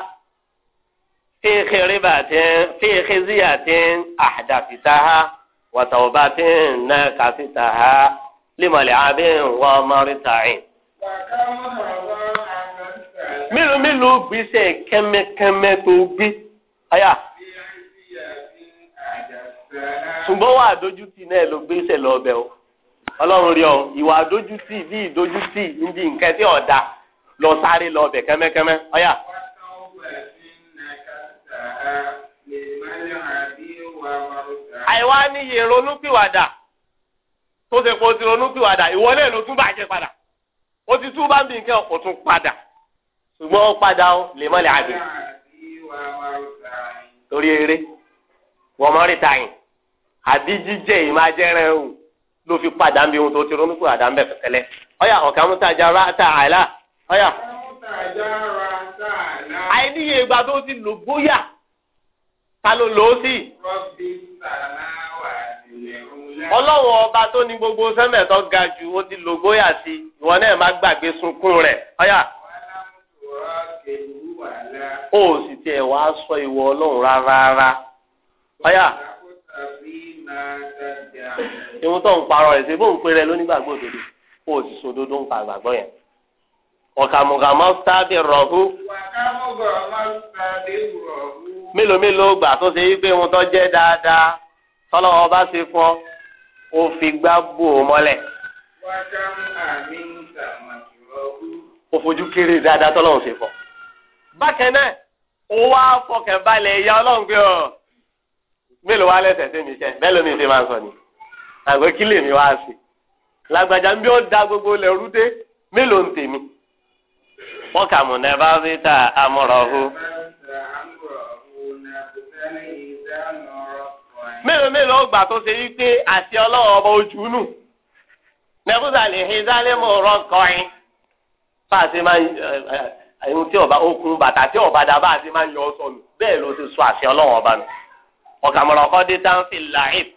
fíìkì rìbà tí ń fíìkì zíyà tí ń àdàfítà ha wàtàwọ̀bá tí nà kàfítà ha límọ̀lẹ̀ abẹ́ wọn mọ́rítà yìí. mélòó mélòó gbèsè kẹ́mẹ́kẹ́mẹ́ tó gbé ayá ṣùgbọ́n wà àdójútì náà ló gbèsè lọ́bẹ̀ o. ọlọ́run rí ọ ìwà àdójútì bí ìdójútì níbi nǹkan tí ọ̀dà lọ sáré lọ bẹ̀ kẹ́mẹ́kẹ́mẹ́ ọ̀yà. àìwá níyì ronúpìwàdà tó ṣe kó ti ronúpìwàdà ìwọ ló tún bàjẹ́ padà ó ti tún bá ń bí nǹkan tún padà ṣùgbọ́n ó padà ó lè mọ́lẹ̀ torí eré wọ́n àbí jíjẹ́ ìmájẹ́rẹ́ òun. ló fi padà ń bí ohun tó ti ronú kó àdá ń bẹ̀ tẹ́lẹ̀ ọ̀yà ọ̀kà mútajà ra tá àìlá ọ̀yà. àìníye ìgbà tó ti lò bóyá ta ló lò ó sí. ọlọ́wọ́ ọba tó ní gbogbo sẹ́mẹ̀tọ́ ga jù ó ti lò bóyá sí ìwọ náà má gbàgbé sunkún rẹ̀ ọ̀yà. o sì tiẹ̀ wá sọ ìwọ ọlọ́run rárá rárá ọ̀yà. ìwọ tó ń parọ́ rẹ̀ ṣe bó ń pèrè lónígbàgbọ́ òdodo kó o sì sòdodo ń pa àgbàgbọ́ yẹn ọ̀kàmùgàmọ́ sábì rọ̀hú. mélòó mélòó gbà tó ṣe yí pé wọn tó jẹ́ dáadáa tọ́lọ́wọ́ bá ṣe fọ́ ó fi gbá bò ó mọ́lẹ̀. ó fojú kéré dáadáa tọ́lọ́wọ́ ṣe fọ́. bákan náà ó wá fọkàn balẹ̀ ìyá ọlọ́run pé ọ̀ mélòó wá lẹ́sẹ̀ sí mi iṣẹ́ bẹ́ẹ̀ lómi ṣe máa ń sọ ni àgbẹ̀ kí lèmi wá sí làgbàjà ń bí ó da gbogbo lẹ́rú dé mélòó ń tèmi. wọ́n kà mọ̀ nẹ́ẹ̀bá vita amúrọ̀hu. mélòó mélòó gbà tó ṣe yí pé àṣẹ ọlọ́wọ́ ọba ojú nù nẹ́fúsà lè hin zálẹ́mù rọ́kọ̀ọ́yìn fáàsì máa ń ẹ̀yìn tí ọba okùn bàtà tí ọba dá báàsì máa ń yọ ọ sọnù bẹ́ẹ̀ ló ti sọ àṣẹ ọlọ́wọ́ ọba nù ọ̀kàmọ̀rọ̀ kọ́ dé tá ń fi làáyìn.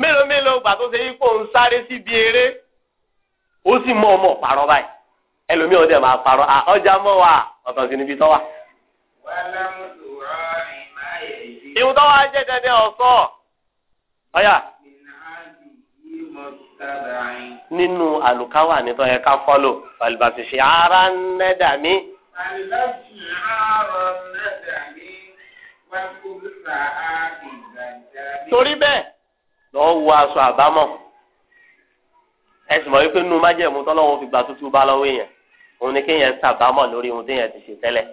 mélòó mélòó gbà tó ṣe yí kó ń sáré síbi eré ó sì mọ ọmọ parọ́ báyìí ẹlòmíì ọdẹ máa parọ́ ọjà mọ́ wa ọ̀tọ̀ sí níbi tọ́wà. ìwọ tọ́wọ́ ajẹ́ dandan ọ̀sọ́ ọ̀yà. nínú àlùkáwà nítọ́ yẹ ká fọ́lò ara ń nẹ́dà mí. التي عرفنا وكل torí bẹ́ẹ̀ lọ́ọ́ wọ aṣọ àbámọ̀ ẹ̀sìn mọ̀ wípé nínú májẹ̀mú tọ́lọ́wọ́n fi gbà tútù bá lọ́wọ́ èèyàn òun ni kéèyàn ṣàbámọ̀ lórí ohun téèyàn ti ṣe tẹ́lẹ̀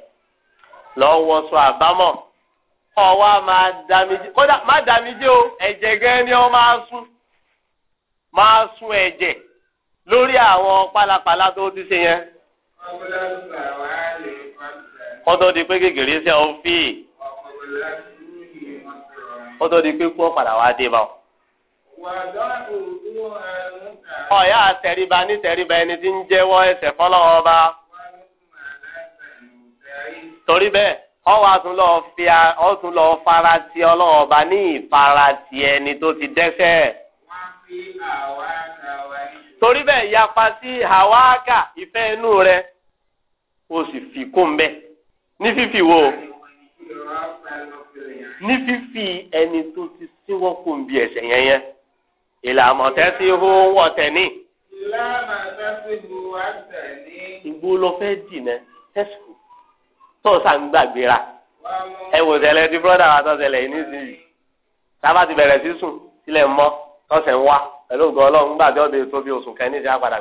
lọ́ọ́ wọ aṣọ àbámọ̀ ọwọ́ máa dàmíjẹ́ kódà má dàmíjẹ́ o ẹ̀jẹ̀ gan ni ọ máa sún máa sún ẹ̀jẹ̀ lórí àwọn pálapàla tó ti ṣe yẹn. kótó di pé kékeré sí ọ fi kótó di pé kú ọ̀padà wá dé bá ọ. ọ̀yá àtẹ̀ríba ní tẹ̀ríba ẹni tí ń jẹ́wọ́ ẹsẹ̀ fọlọ́wọ́ bá. torí bẹ́ẹ̀ ọwọ́ àtún lọ fara ti ọlọ́wọ́ bá ní ìfara ti ẹni tó ti dẹ́sẹ̀. torí bẹ́ẹ̀ yapa sí hàwáàkà ìfẹ́ inú rẹ̀. o sì fi kó ń bẹ ní fífi wo ní fífi ẹni tó ti síwọ́ kó ń bi ẹ̀sẹ̀ yẹn yẹn ìlànà tẹ́sí hó wọ̀ tẹ̀lé. ìlànà tẹ́sí hó wọ̀ tẹ̀lé. ìgbó lọ fẹ́ dìnnà tẹ́sí tọ́sà ń gbàgbéra ẹ wò ṣẹlẹ̀ tí brọ́dà wa tọ́sẹ̀lẹ̀ yìí nísìnyí sábà ti bẹ̀rẹ̀ sí sùn sílẹ̀ mọ́ tọ́sẹ̀ ń wá pẹ̀lú ògùn ọlọ́run gbàdé tó bí oṣù kẹ́ni ti á padà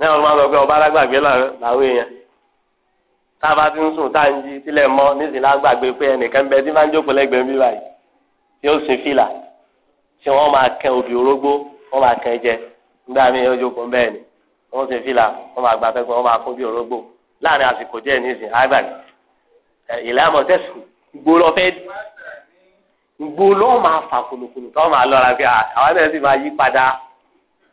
ní àwọn máa ń sọ pé ọba alágbàgbé làwọn èèyàn tá a bá ti ń sùn tá a ń jí sílẹ̀ mọ́ nísìnyí lágbàgbé pé ẹnìkan bẹ tí máa ń jókòó lẹ́gbẹ̀ẹ́ mi báyìí tí ó sin fìlà tí wọ́n máa kẹ òbí orógbó wọ́n máa kẹ jẹ nígbà míì ó jókòó bẹ́ẹ̀ ni wọ́n sin fìlà wọ́n máa gba fẹ́gbẹ́ wọ́n máa kó bí orógbó láàrin àsìkò díẹ̀ nísìnyí lágbàgbé ìlànà tẹ̀sù gbólọ fẹ́ gbólọ máa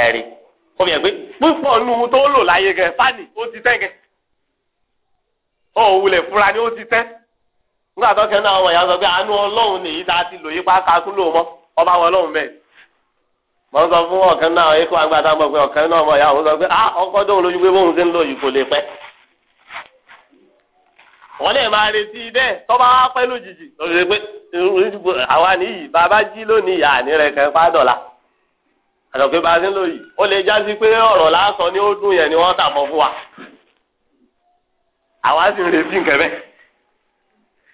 ẹ̀rí omi ẹ̀ pé púpọ̀ nù tó lò láyé gẹ̀ fani ó ti tẹ́ gẹ̀ ó fúra ni ó ti tẹ́ nígbà tó kẹ́ náà àwọn ìyá sọ pé àánú ọlọ́run nìyí tá a ti lò yí pa ká tún lò mọ́ ọba wọn ọlọ́run bẹ́ẹ̀ mọ sọ fún ọ̀kan náà ikú agbada mọ̀ pé ọ̀kan náà mọ̀ ìyàwó sọ pé ah ọkọ dóhùn lójú pé bóun ti ń lò yìí kò lè pẹ́ wọ́n lè máa retí bẹ́ẹ̀ tọ́ba wá pẹ́ lójijì lọ́sọ̀rọ̀ pé àwa nìyí bàbá jí lónìí ìyá àní rẹ̀ kẹ́ fádọ́là àtọ̀pẹ́ bá a ti ń lò yìí ó lè jásí pé ọ̀rọ̀ lásán ni ó dùn yẹn ni wọ́n tà mọ́ fún wa àwa sì ń retí nǹkan bẹ́ẹ̀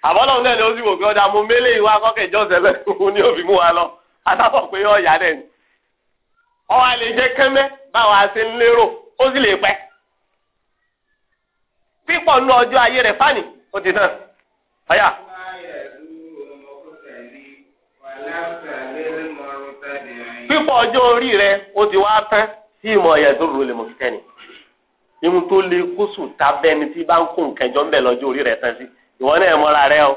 àbọ̀lọ́hún náà ni ó sì wò pé ọ̀dà mo mélé ìwà akọ́kẹ́jọ́ sẹ́fẹ́ òun ni ó fi mú wa lọ àtàbọ̀ pé ọ̀yà dẹ̀ ni ọ̀wà lè jẹ́ kẹ́mẹ́ báwa ṣe ń lérò ó sì lè pẹ́ pípọ̀ nú ọjọ́ ayé rẹ̀ fani ó ti tán ọ̀yà mímọ̀ ọjọ́ orí rẹ ó ti wá tán sí ìmọ̀ ẹ̀yẹ tó rò lè mọ̀ kíkẹ́ni irun tó lè kó sùn tábẹ́ni tí bá ń kó nǹkan jọ ń bẹ̀ lọ́jọ́ orí rẹ tán sí ìwọ náà mọ́ra rẹ o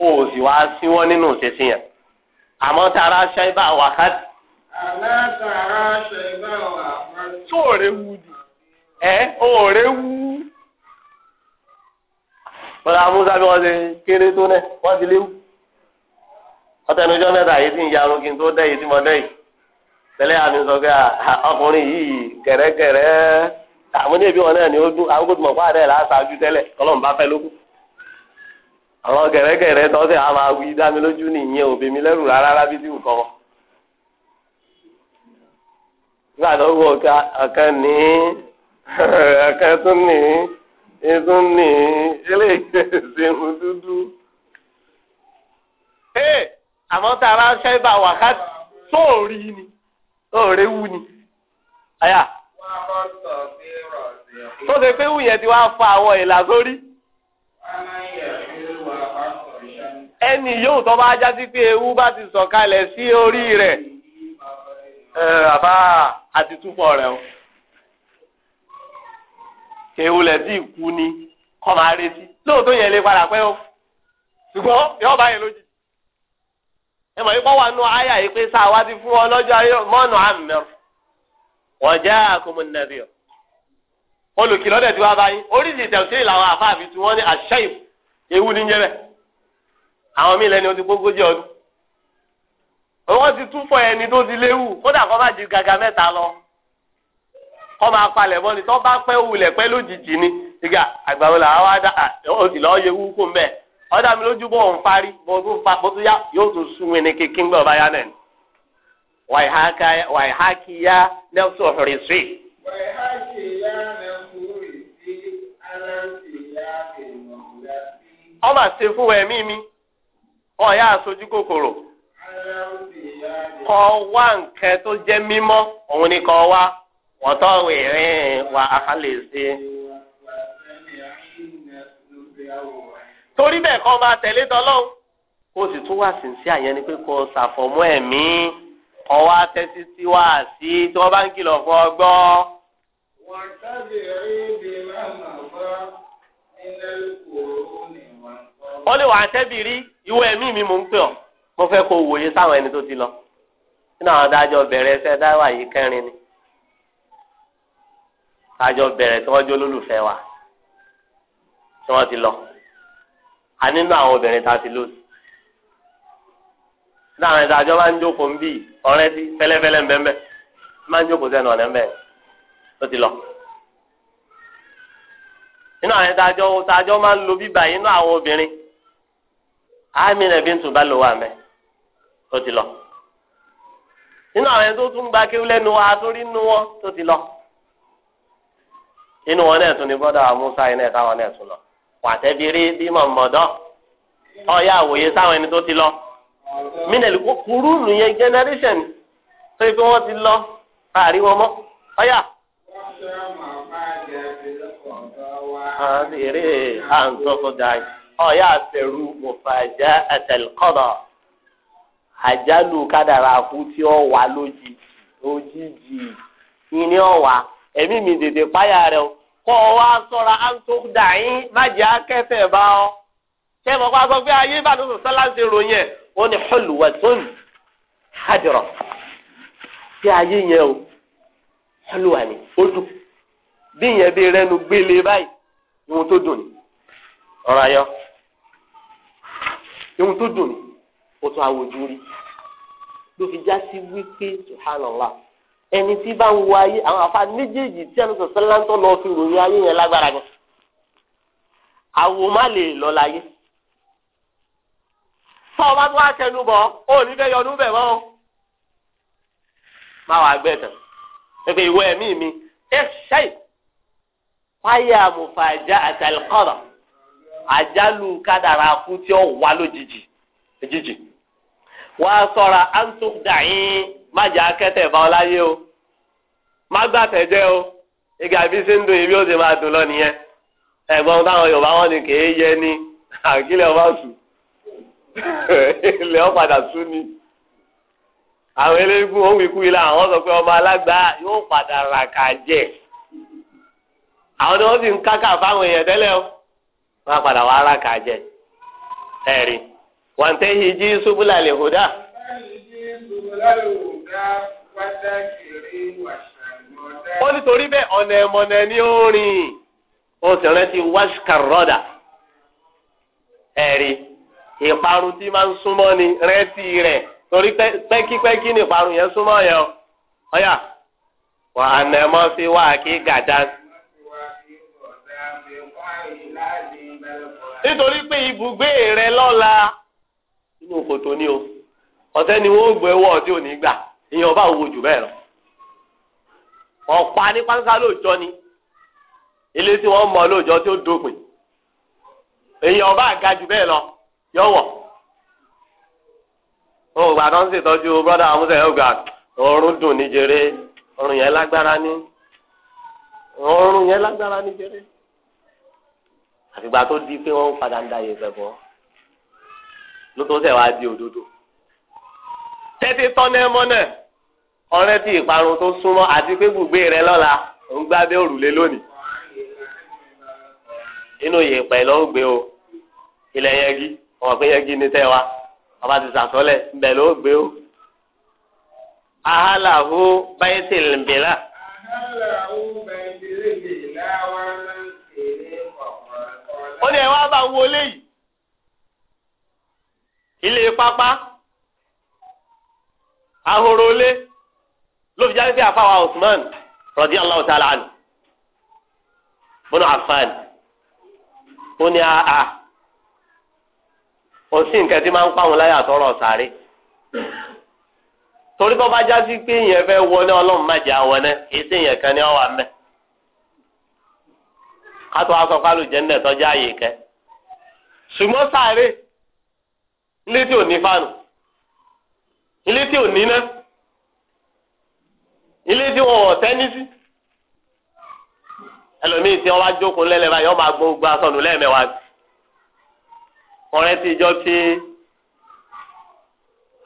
o sì wá sí wọn nínú ìṣesí yẹn àmọ́ tara ṣẹ́bà wákàtí. àmọ́ tara ṣẹ́bà wákàtí. tó o wú di ẹ o rẹ wú. bọ́lá musa bí wọ́n ṣe kéré tó náà wọ́n ti léwu ọ̀tẹnujọ́ mẹ́ta yìí ti ń yarun tó dẹ́ tí mo dẹ́ tẹ́lẹ̀ àmì sọ pé ah, ọkùnrin yìí kẹ̀rẹ́kẹ̀rẹ́ àwọn ẹbí wọn náà ni ó dún àwọn kò tó mọ̀ fún àdé làásàájú tẹ́lẹ̀ ọlọ́run bá fẹ́ lókù. àwọn kẹ̀rẹ́kẹ̀rẹ́ tọ́sẹ̀ á ah, máa wí dámi lójú nìyẹn òbí mi lẹ́rù rárá rábí tí kò kọ́. nígbà tó wọ ọ̀kan ní ọ̀kan tún ní ìtún ní eléyìí ṣeun dúdú. àmọ́ tá a bá ṣẹ́ bá wákàtí sóòrí ni ọ̀rẹ́ wù ni. àyà tó ṣe pé wù yẹn ti wá fa àwọn ìlà sórí. ẹnì yóò tọ́ bá já sí pé ewu bá ti sọ̀kalẹ̀ sí orí rẹ̀ àbá àti túbọ̀ rẹ̀ o. ewu lẹ̀ sí ìkú ni kọ́ máa retí lóòótọ́ yẹn lè padà pẹ́ o ṣùgbọ́n yọ̀ọ́ bá lójijì ẹ mọ̀ ipá wa nù ayà yìí pé sáà wá ti fún ọ lọ́jọ́ ayé mọ́nù àmìmẹ́rù wọ́n jẹ́ àkómọ nàbí ọ. olùkìlọ́ dẹ̀ tí wàá báyìí oríṣi tẹ̀síì làwọn àfáàbí tí wọ́n ní àṣẹ́yìn ewu ní jẹ́bẹ̀. àwọn míì lẹ́ni o ti gbógójì ọdún. wọ́n ti tún fọ ẹni tó ti léwu kódà kó má ju gàgà mẹ́ta lọ. kó máa palẹ̀ mọ́ ni bá pẹ́ wulẹ̀ pẹ́ lójijì ni. ìgbà àgbàwọlà wa dá òsì lọ́ọ́ yẹ wúkú mbẹ́ ọ̀dà mi lójú bọ̀ ń parí bó tún fa bó tún yá yóò tún sún wẹ̀ni kékeré ńgbà ọba yá náà ni. wàyí ha kí ya nẹ́fṣù sí. wàyí ya nẹ́fṣù sí aláǹtì ya ènìyàn ọ̀gá sí. ọmọ àti fún wẹ̀ mí kọ wá tó òun ni kọ wá wà ẹ̀ kọ́ máa tẹ̀lé tọ́lọ́hún kó sì tún wà sí sí àyẹn ni pé kó ṣàfọ̀mọ́ ẹ̀mí ọwọ́ atẹ́sí sí wá sí tí wọ́n bá ń kìlọ̀ fún ọgbọ́. ó lè wà tẹ́bìrí ìwọ ẹ̀mí mi mò ń pè ọ́ mo fẹ́ kó wòye sáwọn ẹni tó ti lọ nínú àwọn adájọ́ bẹ̀rẹ̀ ẹsẹ̀ dáwà yìí kẹrin ni adájọ́ bẹ̀rẹ̀ tí wọ́n jó lólùfẹ́ wa tí wọ́n ti lọ a nínú àwọn obìnrin tá a ti lóṣù láàrin ìdájọ́ máa ń jókòó ń bì ọ̀rẹ́ sí fẹ́lẹ́fẹ́lẹ́ ńbẹ́ńbẹ́ máa ń jókòó sẹ́nu ọ̀nà ńbẹ́ ló ti lọ. nínú àwọn ìdájọ́ ìdájọ́ máa ń lo bíbà yìí àwọn obìnrin Amina bintu Balwa mẹ́ ló ti lọ. nínú àwọn tó tún gba kéwú lẹ́nu wa sórí nínú wọn tó ti lọ. inú wọn náà tún ni bọ́dà Musa iná ẹ̀ táwọn náà tún lọ wàtẹ́bírí bí mọ̀mọ́dọ́ ọ̀yà àwòye sáwọn ẹni tó ti lọ. mínẹ̀lì kó kúrú nìyẹn generation tó yẹ kí wọ́n ti lọ káàrí wọn mọ́ ọ̀yà. àdèrè àǹtọ́kọ̀dá ọ̀yà àfẹ̀rù mọ̀fàjà àtẹ̀lẹ́kọ̀dọ̀ àjálù kádàrà kú tí ó wà lójijì lójijì yìí ni ẹ̀mí mi tètè páyà rẹ o. kọ́ ọ wá sọ́ra àǹtókùdàyín akẹ́fẹ́ bá ọ. ṣé mo kọ́ sọ ayé bá tuntun sálásì ròyìn ayé yẹn o ni dùn bí yẹn bí rẹnu gbélé báyìí ohun tó dùn ni ọ̀rọ̀ ayọ́ ohun tó dùn ni ó tún wípé subhanallah. ẹni tí bá ń wo ayé àwọn afa méjèèjì tí ẹnu sọ̀sẹ́ lọ fi ròyìn ayé yẹn lágbára gan àwò má lè lọ láyé tọ́ bá tó wá kẹnu bọ̀ ó ní fẹ́ yọdún bẹ̀ mọ́ má wàá gbẹ tán pépé ìwọ ẹ̀mí mi ẹ ṣẹ́yì fáyà mùfàjà àtàlùkọ́rọ̀ àjálù kádàrà fún tí ó wà lójijì wàá má jẹ́ akẹ́tẹ̀ bá ọ láyé o má gbàtẹ̀ jẹ́ o ìgbà bí ṣe ń dun ibi ó ti máa dùn lọ nìyẹn ẹ̀gbọ́n táwọn Yorùbá wọn ni kèé yẹ ni àkílẹ̀ ọba sùn ilẹ̀ ọ̀padà sùn ni àwọn eléégún òun ikú ilé àwọn sọ pé ọmọ alágbá yóò padà rà kà jẹ àwọn ni wọn sì ń kákà fáwọn èèyàn tẹ́lẹ̀ o wọn á padà wàá rà kà jẹ ẹ̀rí wọ́n tẹ́ yìí jí lè ó nítorí bẹ́ẹ̀ ọ̀nà ẹ̀mọ̀nà ni ó rìn ó sì rántí wáṣkàrọ́dà ẹ̀rí ìparun tí máa ń súnmọ́ ni rántí rẹ̀ torí pẹ́kípẹ́kí ni ìparun yẹn súnmọ́ yẹn o ọ̀yà wà á ẹ̀mọ́ sí wà kí gàdá. nítorí pé ibùgbé rẹ lọ́la inú kòtò ni o ọ̀tẹ́ ni wọ́n gbé wọ́ọ̀ tí ò ìyẹn ọba òwò jù bẹ́ẹ̀ lọ ọ̀pá ní pánṣá lóòjọ́ ni ilé tí wọ́n mọ lóòjọ́ tí ó dópin èyí ọba àga jù bẹ́ẹ̀ lọ yọ̀wọ̀ òun ìgbà tó ń ṣètọ́jú brọ́dà amúṣe ọgbà òórùn dùn ní jèrè òórùn yẹn lágbára ní òórùn yẹn lágbára ní jèrè àtìgbà tó di pé wọ́n ń padà ń da yẹ̀fẹ̀ bọ́ lótó sẹ̀ di òdodo tẹ́tí tọ́nẹ́ mọ́nà ọ̀rẹ́ tí ìparun tó súnmọ́ àti pé gbùgbé rẹ lọ́la ń gbábẹ́ òrùlé lónìí inú yèèpẹ̀ ló ń gbé o ilẹ̀ yẹgi ọmọ pé yẹgi ní tẹ́ wa ọba ti sàtọ́lẹ̀ ńbẹ̀ ló ń gbé o ahalahu baitil bila. ahalahu baitil bila wa máa ń kéré kọ̀ọ̀kan. ó ní ẹ wá bá wọlé yìí ilé pápá. ahoro ole ló fi jáde sí àfàwà Usman radiyallahu ta'ala anhu bọ́nà Affan ó ní àá ah, ah. kò sí nǹkan tí máa ń pàwọn láyà tọrọ sáré torí kọ́ bá jásí pé èèyàn fẹ́ wọlé ọlọ́run má jẹ́ àwọn èèyàn kan ní kátó aṣọ kálù àyè ilé tí ò ní ná ilé tí wọn ò tẹ́ ní sí ẹlòmíì tí wọn bá jókòó lẹ́lẹ́ báyìí wọn máa gbó gba sọnù lẹ́ẹ̀mẹ́wàá wọn rántí ìjọ tí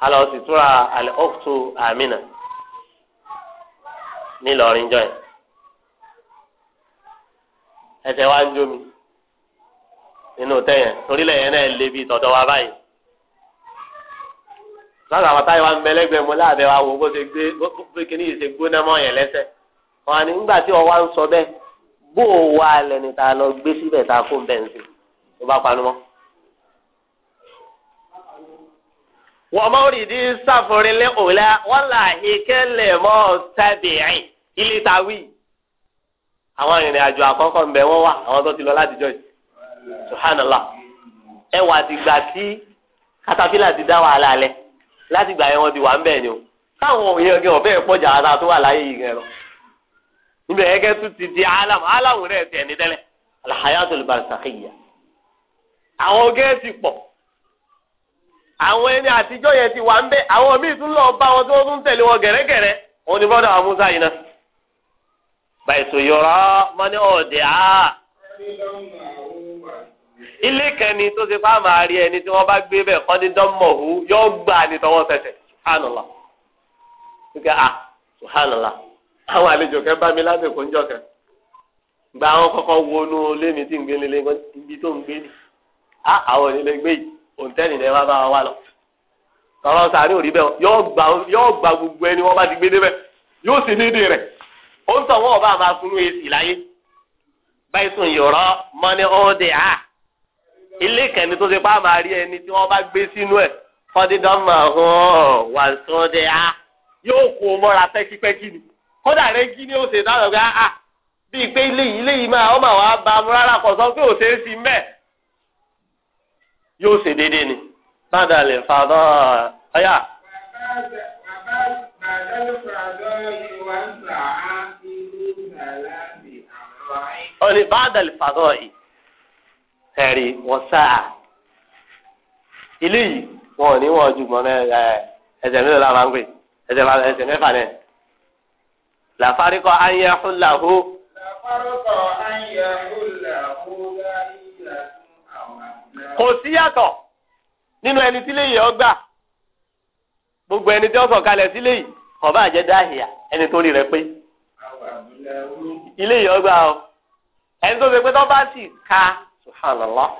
alọ́sìtúra alẹ́ ọ̀tún àmìnà ńìlọrin jọ yẹn ẹsẹ̀ wa ń jó mi nínú tẹ́yẹn torílẹ̀ yẹn náà lé bí wa báyìí lọ́dọ̀ àwọn táyọ̀ wa ń bẹ lẹ́gbẹ̀ẹ́ mu láàbẹ̀ wa wò bó ṣe gbé bó kíní yìí ṣe gbóná mọ́ yẹn lẹ́sẹ̀ wọn ni nígbà tí ọwọ́ ń sọ bẹ́ẹ̀ bó o wà lẹ́ni tá a lọ gbé síbẹ̀ tá a kó bẹ́ẹ̀ ń sè ló bá panu mọ́. wọ́n mọ̀ rí di sáfòrìlẹ̀ òlà wọ́n là ìkẹlẹ̀ mọ́ sábìrì ilé tawí. àwọn arìnrìn àjò àkọ́kọ́ ń bẹ wọ́n wà àwọn tó ti lọ láti jọ yìí láti gbà yẹn wọ́n ti wà ń bẹ̀ ni o táwọn òye ara tó wà láyé yìí gẹ̀rọ. níbẹ̀ yẹn tún ti di alam alamu rẹ̀ tẹ́lẹ̀ alhayatul barzakhiya. àwọn gẹ́ẹ̀sì àwọn ẹni yẹn ti wà ń àwọn míì tún lọ bá wọn tó tún wọn ni yìí náà. yọrọ aa. Ah. ilé kẹni tó ṣe fáwọn máa rí ẹni tí wọ́n bá gbé bẹ́ẹ̀ kọ́ ní dánmọ̀hú yóò gbà ní tọwọ́ tẹsẹ̀ subhanallah nígbà ah subhanallah àwọn àlejò kẹ bá mi lásìkò ń jọkẹ gba àwọn kọ́kọ́ wọnú lémi tí ń gbé lélẹ ibi tó ń gbé ni ah àwọn onílé gbé yìí òǹtẹ́nì ni ẹ wá bá wa lọ tọrọ sàárè òrí bẹ́ẹ̀ yóò gba gbogbo ẹni wọ́n bá ti gbé débẹ̀ yóò sì ní ìdí rẹ̀ ó ń tọ̀ wọ́n ọba àmà fún èsì láyé báyìí sùn yòrọ́ mọ́ni ó dé a. Ah, ilé kẹni tó ṣe pa máa rí ẹni tí wọ́n bá gbé sínú ẹ̀ fọ́dídọ́mọ̀ hàn wà sọ́dẹ̀ a yóò kó o mọ́ra pẹ́kípẹ́kí ni kódà rẹ kí ni o ṣe dáhùn pé á bíi pé ilé yìí ilé yìí máa ọmọ àwọn abamu rárá kò sọ pé ó ṣe é fi mẹ́ yóò ṣe déédéé ni bàdà lè fa bọ́ ọ̀yà. Ọ̀nì bàdà lè fa bọ́ yìí ẹ̀rí wọ́n sáà ilé yìí wọn ò ní wọn ju mọ́ ẹsẹ̀ mélòó la máa ń gbé ẹsẹ̀ máa ẹsẹ̀ mẹ́fà náà làfáríkọ ayé húláhó. làfáríkọ ayé húláhó láyé ìlàkùn àwọn àgbà. kò síyàtọ̀ nínú ẹni sílé yìí ọgbà gbogbo ẹni tí wọ́n sọ kalẹ̀ sílé yìí kọba àjẹ dáhìá ẹni tó rí rẹ pé ilé yìí ọgbà o ẹni tó ṣe pé tó bá sì ka subhanallah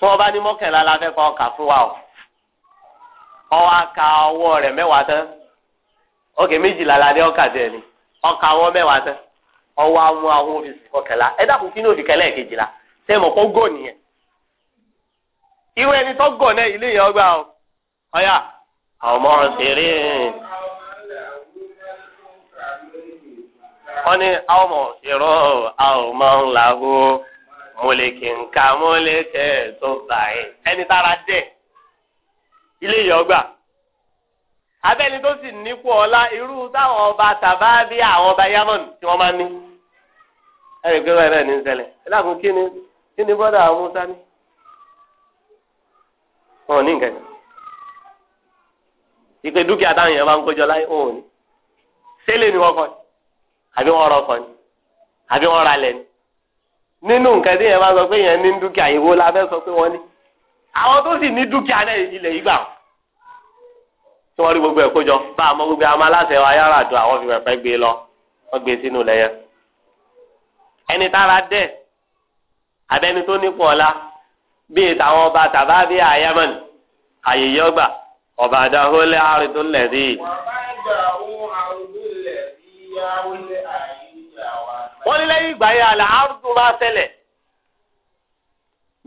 tó o bá ní mọ́kànlá la fẹ́ kọ́ ọkà fún wa o ọwọ́ aka ọwọ́ rẹ̀ mẹ́wàá tán ókè méjìlá la ní ọkà tẹ̀ ni ọkà ọwọ́ mẹ́wàá tán ọwọ́ àwọn àwọn òfìsì kọkànlá ẹ dàpọ̀ kí ní òfì kẹlẹ́ kejìlá nìyẹn irú ẹni tó ilé yẹn ọgbà o ọyà ọmọ ni ọmọ ṣeré ọmọ ńlá mọlẹkẹ nka mọlẹkẹ tó bá ẹni tára dẹ ilé yọ gbà abẹni tó sì nípò ọlá irú táwọn ọba tàbá bí àwọn ọba yamọn tí wọn máa ní ẹni pé wọn náà ní ṣẹlẹ̀ ẹlẹ́kùn àwọn musa ní wọn ò ní nǹkan ìpè dúkìá táwọn ní nínú nǹkan tí yẹn bá sọ pé yẹn ní dúkìá ìwo la fẹ́ sọ pé wọ́n ní àwọn tó sì ní dúkìá náà ilẹ̀ yìí gbà wọn. tí wọ́n rí gbogbo ẹ̀ kójọ bá a mọ gbogbo àwọn aláṣẹ wa yàrá àdó àwọn fi pẹ̀pẹ́ gbé e lọ wọ́n gbé e sínú lẹ́yẹ. ẹni tára dẹ̀ abẹ́ni tó nípò ọ̀la bíi tàwọn ọba tàbá bíi àyàmọ̀n àyèyé ọgbà ọ̀bàdàn ó lé àrùn tó lẹ̀ sí i. wàá bá ìgbà wọ́n ní lẹ́yìn ìgbà yẹn àlẹ́ àrùtù máa ṣẹlẹ̀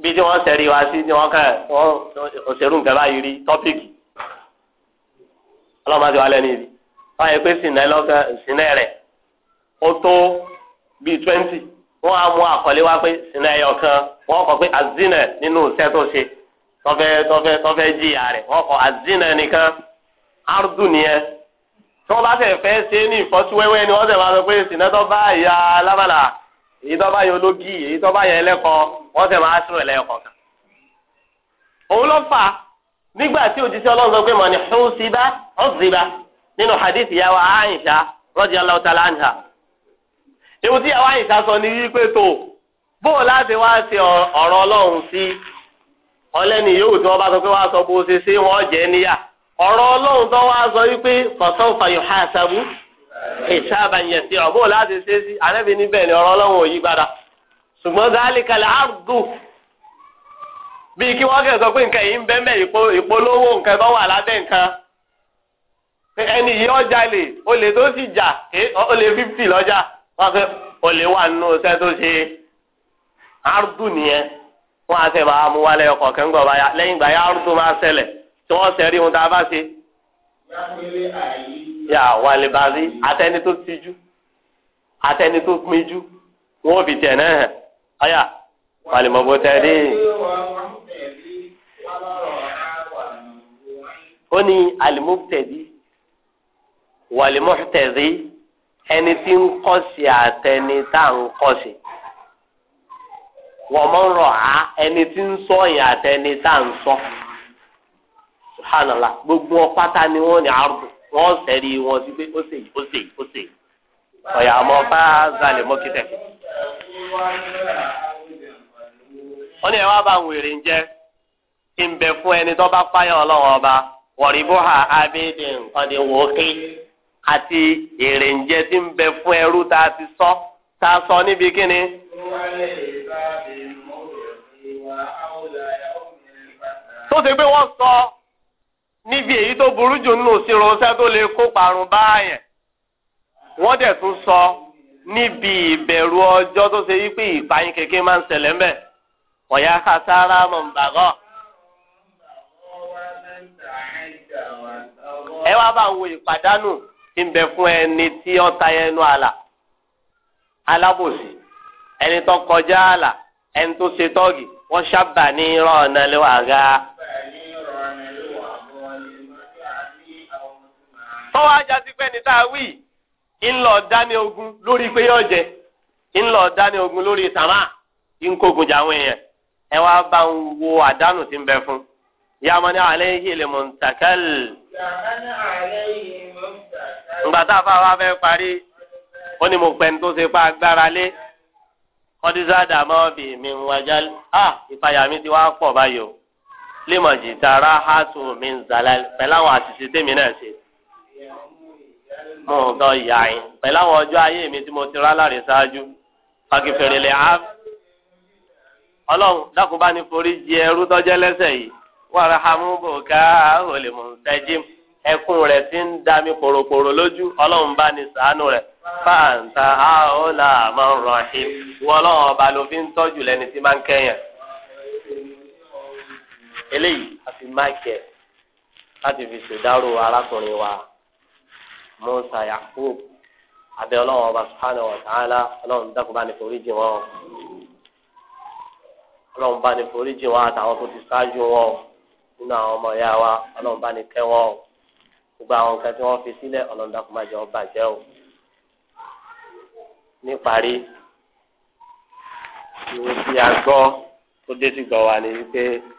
bí tí wọ́n sẹ̀rí wá sí ni wọ́n kà wọ́n òṣèlú nǹkan báyìí rí tọ́pìkì ọlọ́mọdé wa lẹ́nu ibi wọ́n yẹ pé sinẹ́ lọ́kàn sinẹ́ rẹ̀ ó tó bíi twenty wọ́n á mú àkọlé wá pé sinẹ́ ẹyọ kan wọ́n kọ pé azinẹ nínú iṣẹ́ tó ṣe tọ́fẹ́ tọ́fẹ́ tọ́fẹ́ jìyà rẹ̀ wọ́n kọ azinẹ nìkan àrùtù nìyẹn. tó bá tẹ̀ fẹ́ ṣe ní ìfọ́síwẹ́wẹ́ ni wọ́n tẹ̀ máa sọ pé ìsìnà bá ìyá alábàlà èyí tó bá yẹ ológi èyí tó bá yẹ ẹlẹ́kọ̀ọ́ wọ́n tẹ̀ máa sọ ẹlẹ́kọ̀ọ́ kan. òun ló fà nígbà tí òjíṣẹ́ ọlọ́run sọ pé mọ̀ ní ṣùsíbá nínú hadith tí sọ ni wípé tó láti wá ṣe ọ̀rọ̀ ọlọ́run sí ọlẹ́ni sọ pé wọ́n ọ̀rọ̀ ọlọ́run tó wá sọ wípé fọ̀sán ha sí ọ̀bọ̀ láti ṣe sí àrẹ́bí níbẹ̀ ni ọ̀rọ̀ ọlọ́run ò yí padà ṣùgbọ́n bíi kí wọ́n pé nǹkan yìí ń bẹ́ẹ̀ ìpolówó nǹkan wà lábẹ́ nǹkan ẹni yìí ọjà lè tó sì jà fífì lọ́jà wọ́n fẹ́ wà nínú tó ṣe nìyẹn wọ́n á sẹ́ bá tí wọ́n sẹ́rí ohun tá a bá ṣe. yà wà lè bá rí atẹni tó tijú atẹni tó pinjú wọn ò fi tẹ̀ náà hàn ọ̀yà wà lè mọ̀ bó tẹ̀ dé. ó ní alimọ́tẹ̀dí wàlímọ́tẹ̀dí ẹni tí ń kọ́sì àtẹni tá à ń kọ́sì wọ́n mọ̀ ń rọ̀ á ẹni tí ń sọ ìyàn àtẹni tá à ń sọ. So subhanallah gbogbo wọn pátá ni wọn ní àrùn wọn sẹrí wọn sí pé ó sèyí ó sèyí ó sèyí ọ̀yà àmọ́ bá zalẹ̀ mọ́kítẹ̀. wọ́n ní ẹ̀ wá bá ń wèrè ń jẹ́ kí n bẹ fún ẹni tó bá fáyọ̀ ọlọ́wọ́ ọba wọ̀rìbóhà abédè nǹkan ni wò ó ké àti èrè ń jẹ́ tí ń bẹ fún ẹrú tá a ti sọ tá a sọ níbi kíni. tó ti gbé wọ́n sọ níbi èyí tó burú jù nínú òsínránṣẹ́ tó lè kó parun báyẹn wọ́n dẹ̀ tún sọ níbi ìbẹ̀rù ọjọ́ tó ṣe wípé ìpayín kékeré máa ń ṣẹlẹ̀ ńbẹ̀ ọ̀yá kására mọ̀nbàgọ́. ẹ wá bá wo ìpàdánù tí ń bẹ fún ẹni tí ó ta ẹnu àlà alábòsí ẹni tó kọjá àlà ẹni tó ṣe tọ́ọ̀gì wọ́n ṣàbà ní ìrọ̀ ọ̀nà lẹ́wàá ga tọ́wọ́ ajá sí pé ní tá a wí ńlọ dání ogun lórí pé yóò jẹ ńlọ dání ogun lórí tàmá ńkógun jà àwọn èèyàn ẹ wá bá ń wo àdánù tí ń bẹ fún yamani aleyhi le muntakal ngbà tá a fà wá fẹ́ parí ó ní mo pẹ́ni tó ṣe pa agbára lé kọ́dísá dàmọ́ bì mí wájà á ìpayà mi ti wá pọ̀ báyìí o lè jìtara hàtù mi ń zàlá pẹ̀lú àwọn àṣìṣe tèmi náà ṣe. mo ìyá ọjọ́ ayé mi tí mo ti rá láre ṣáájú fàkìfèrè lè á ọlọ́run dákun ní forí jì ẹrú yìí wàrà hamúbò ká olè mọ̀ tẹ́jìm ẹkún rẹ̀ ti ń pòròpòrò lójú ọlọ́run bá ní rẹ̀ fáǹtà àmọ́ rọ̀hìn wọ́n ọlọ́run ọba ló fi ń tọ́jú lẹ́ni tí ń kẹ́yàn eléyìí a fi máa kẹ́ láti fi ṣèdárò arákùnrin musa yakub abẹ ọlọ́run ọba subhanahu wa ta'ala ọlọ́run dákun bá ní foríjì wọn ọlọ́run bá ní foríjì wọn àtàwọn tó ti ṣáájú wọn nínú àwọn ọmọ ìyá wa ọlọ́run bá ní kẹ́ wọn gbogbo àwọn nǹkan tí wọn fi sílẹ̀ ọlọ́run dákun má jẹ́ ó bàjẹ́ o níparí ìwé tí a gbọ́ tó dé sí gbọ́ wa ni wípé.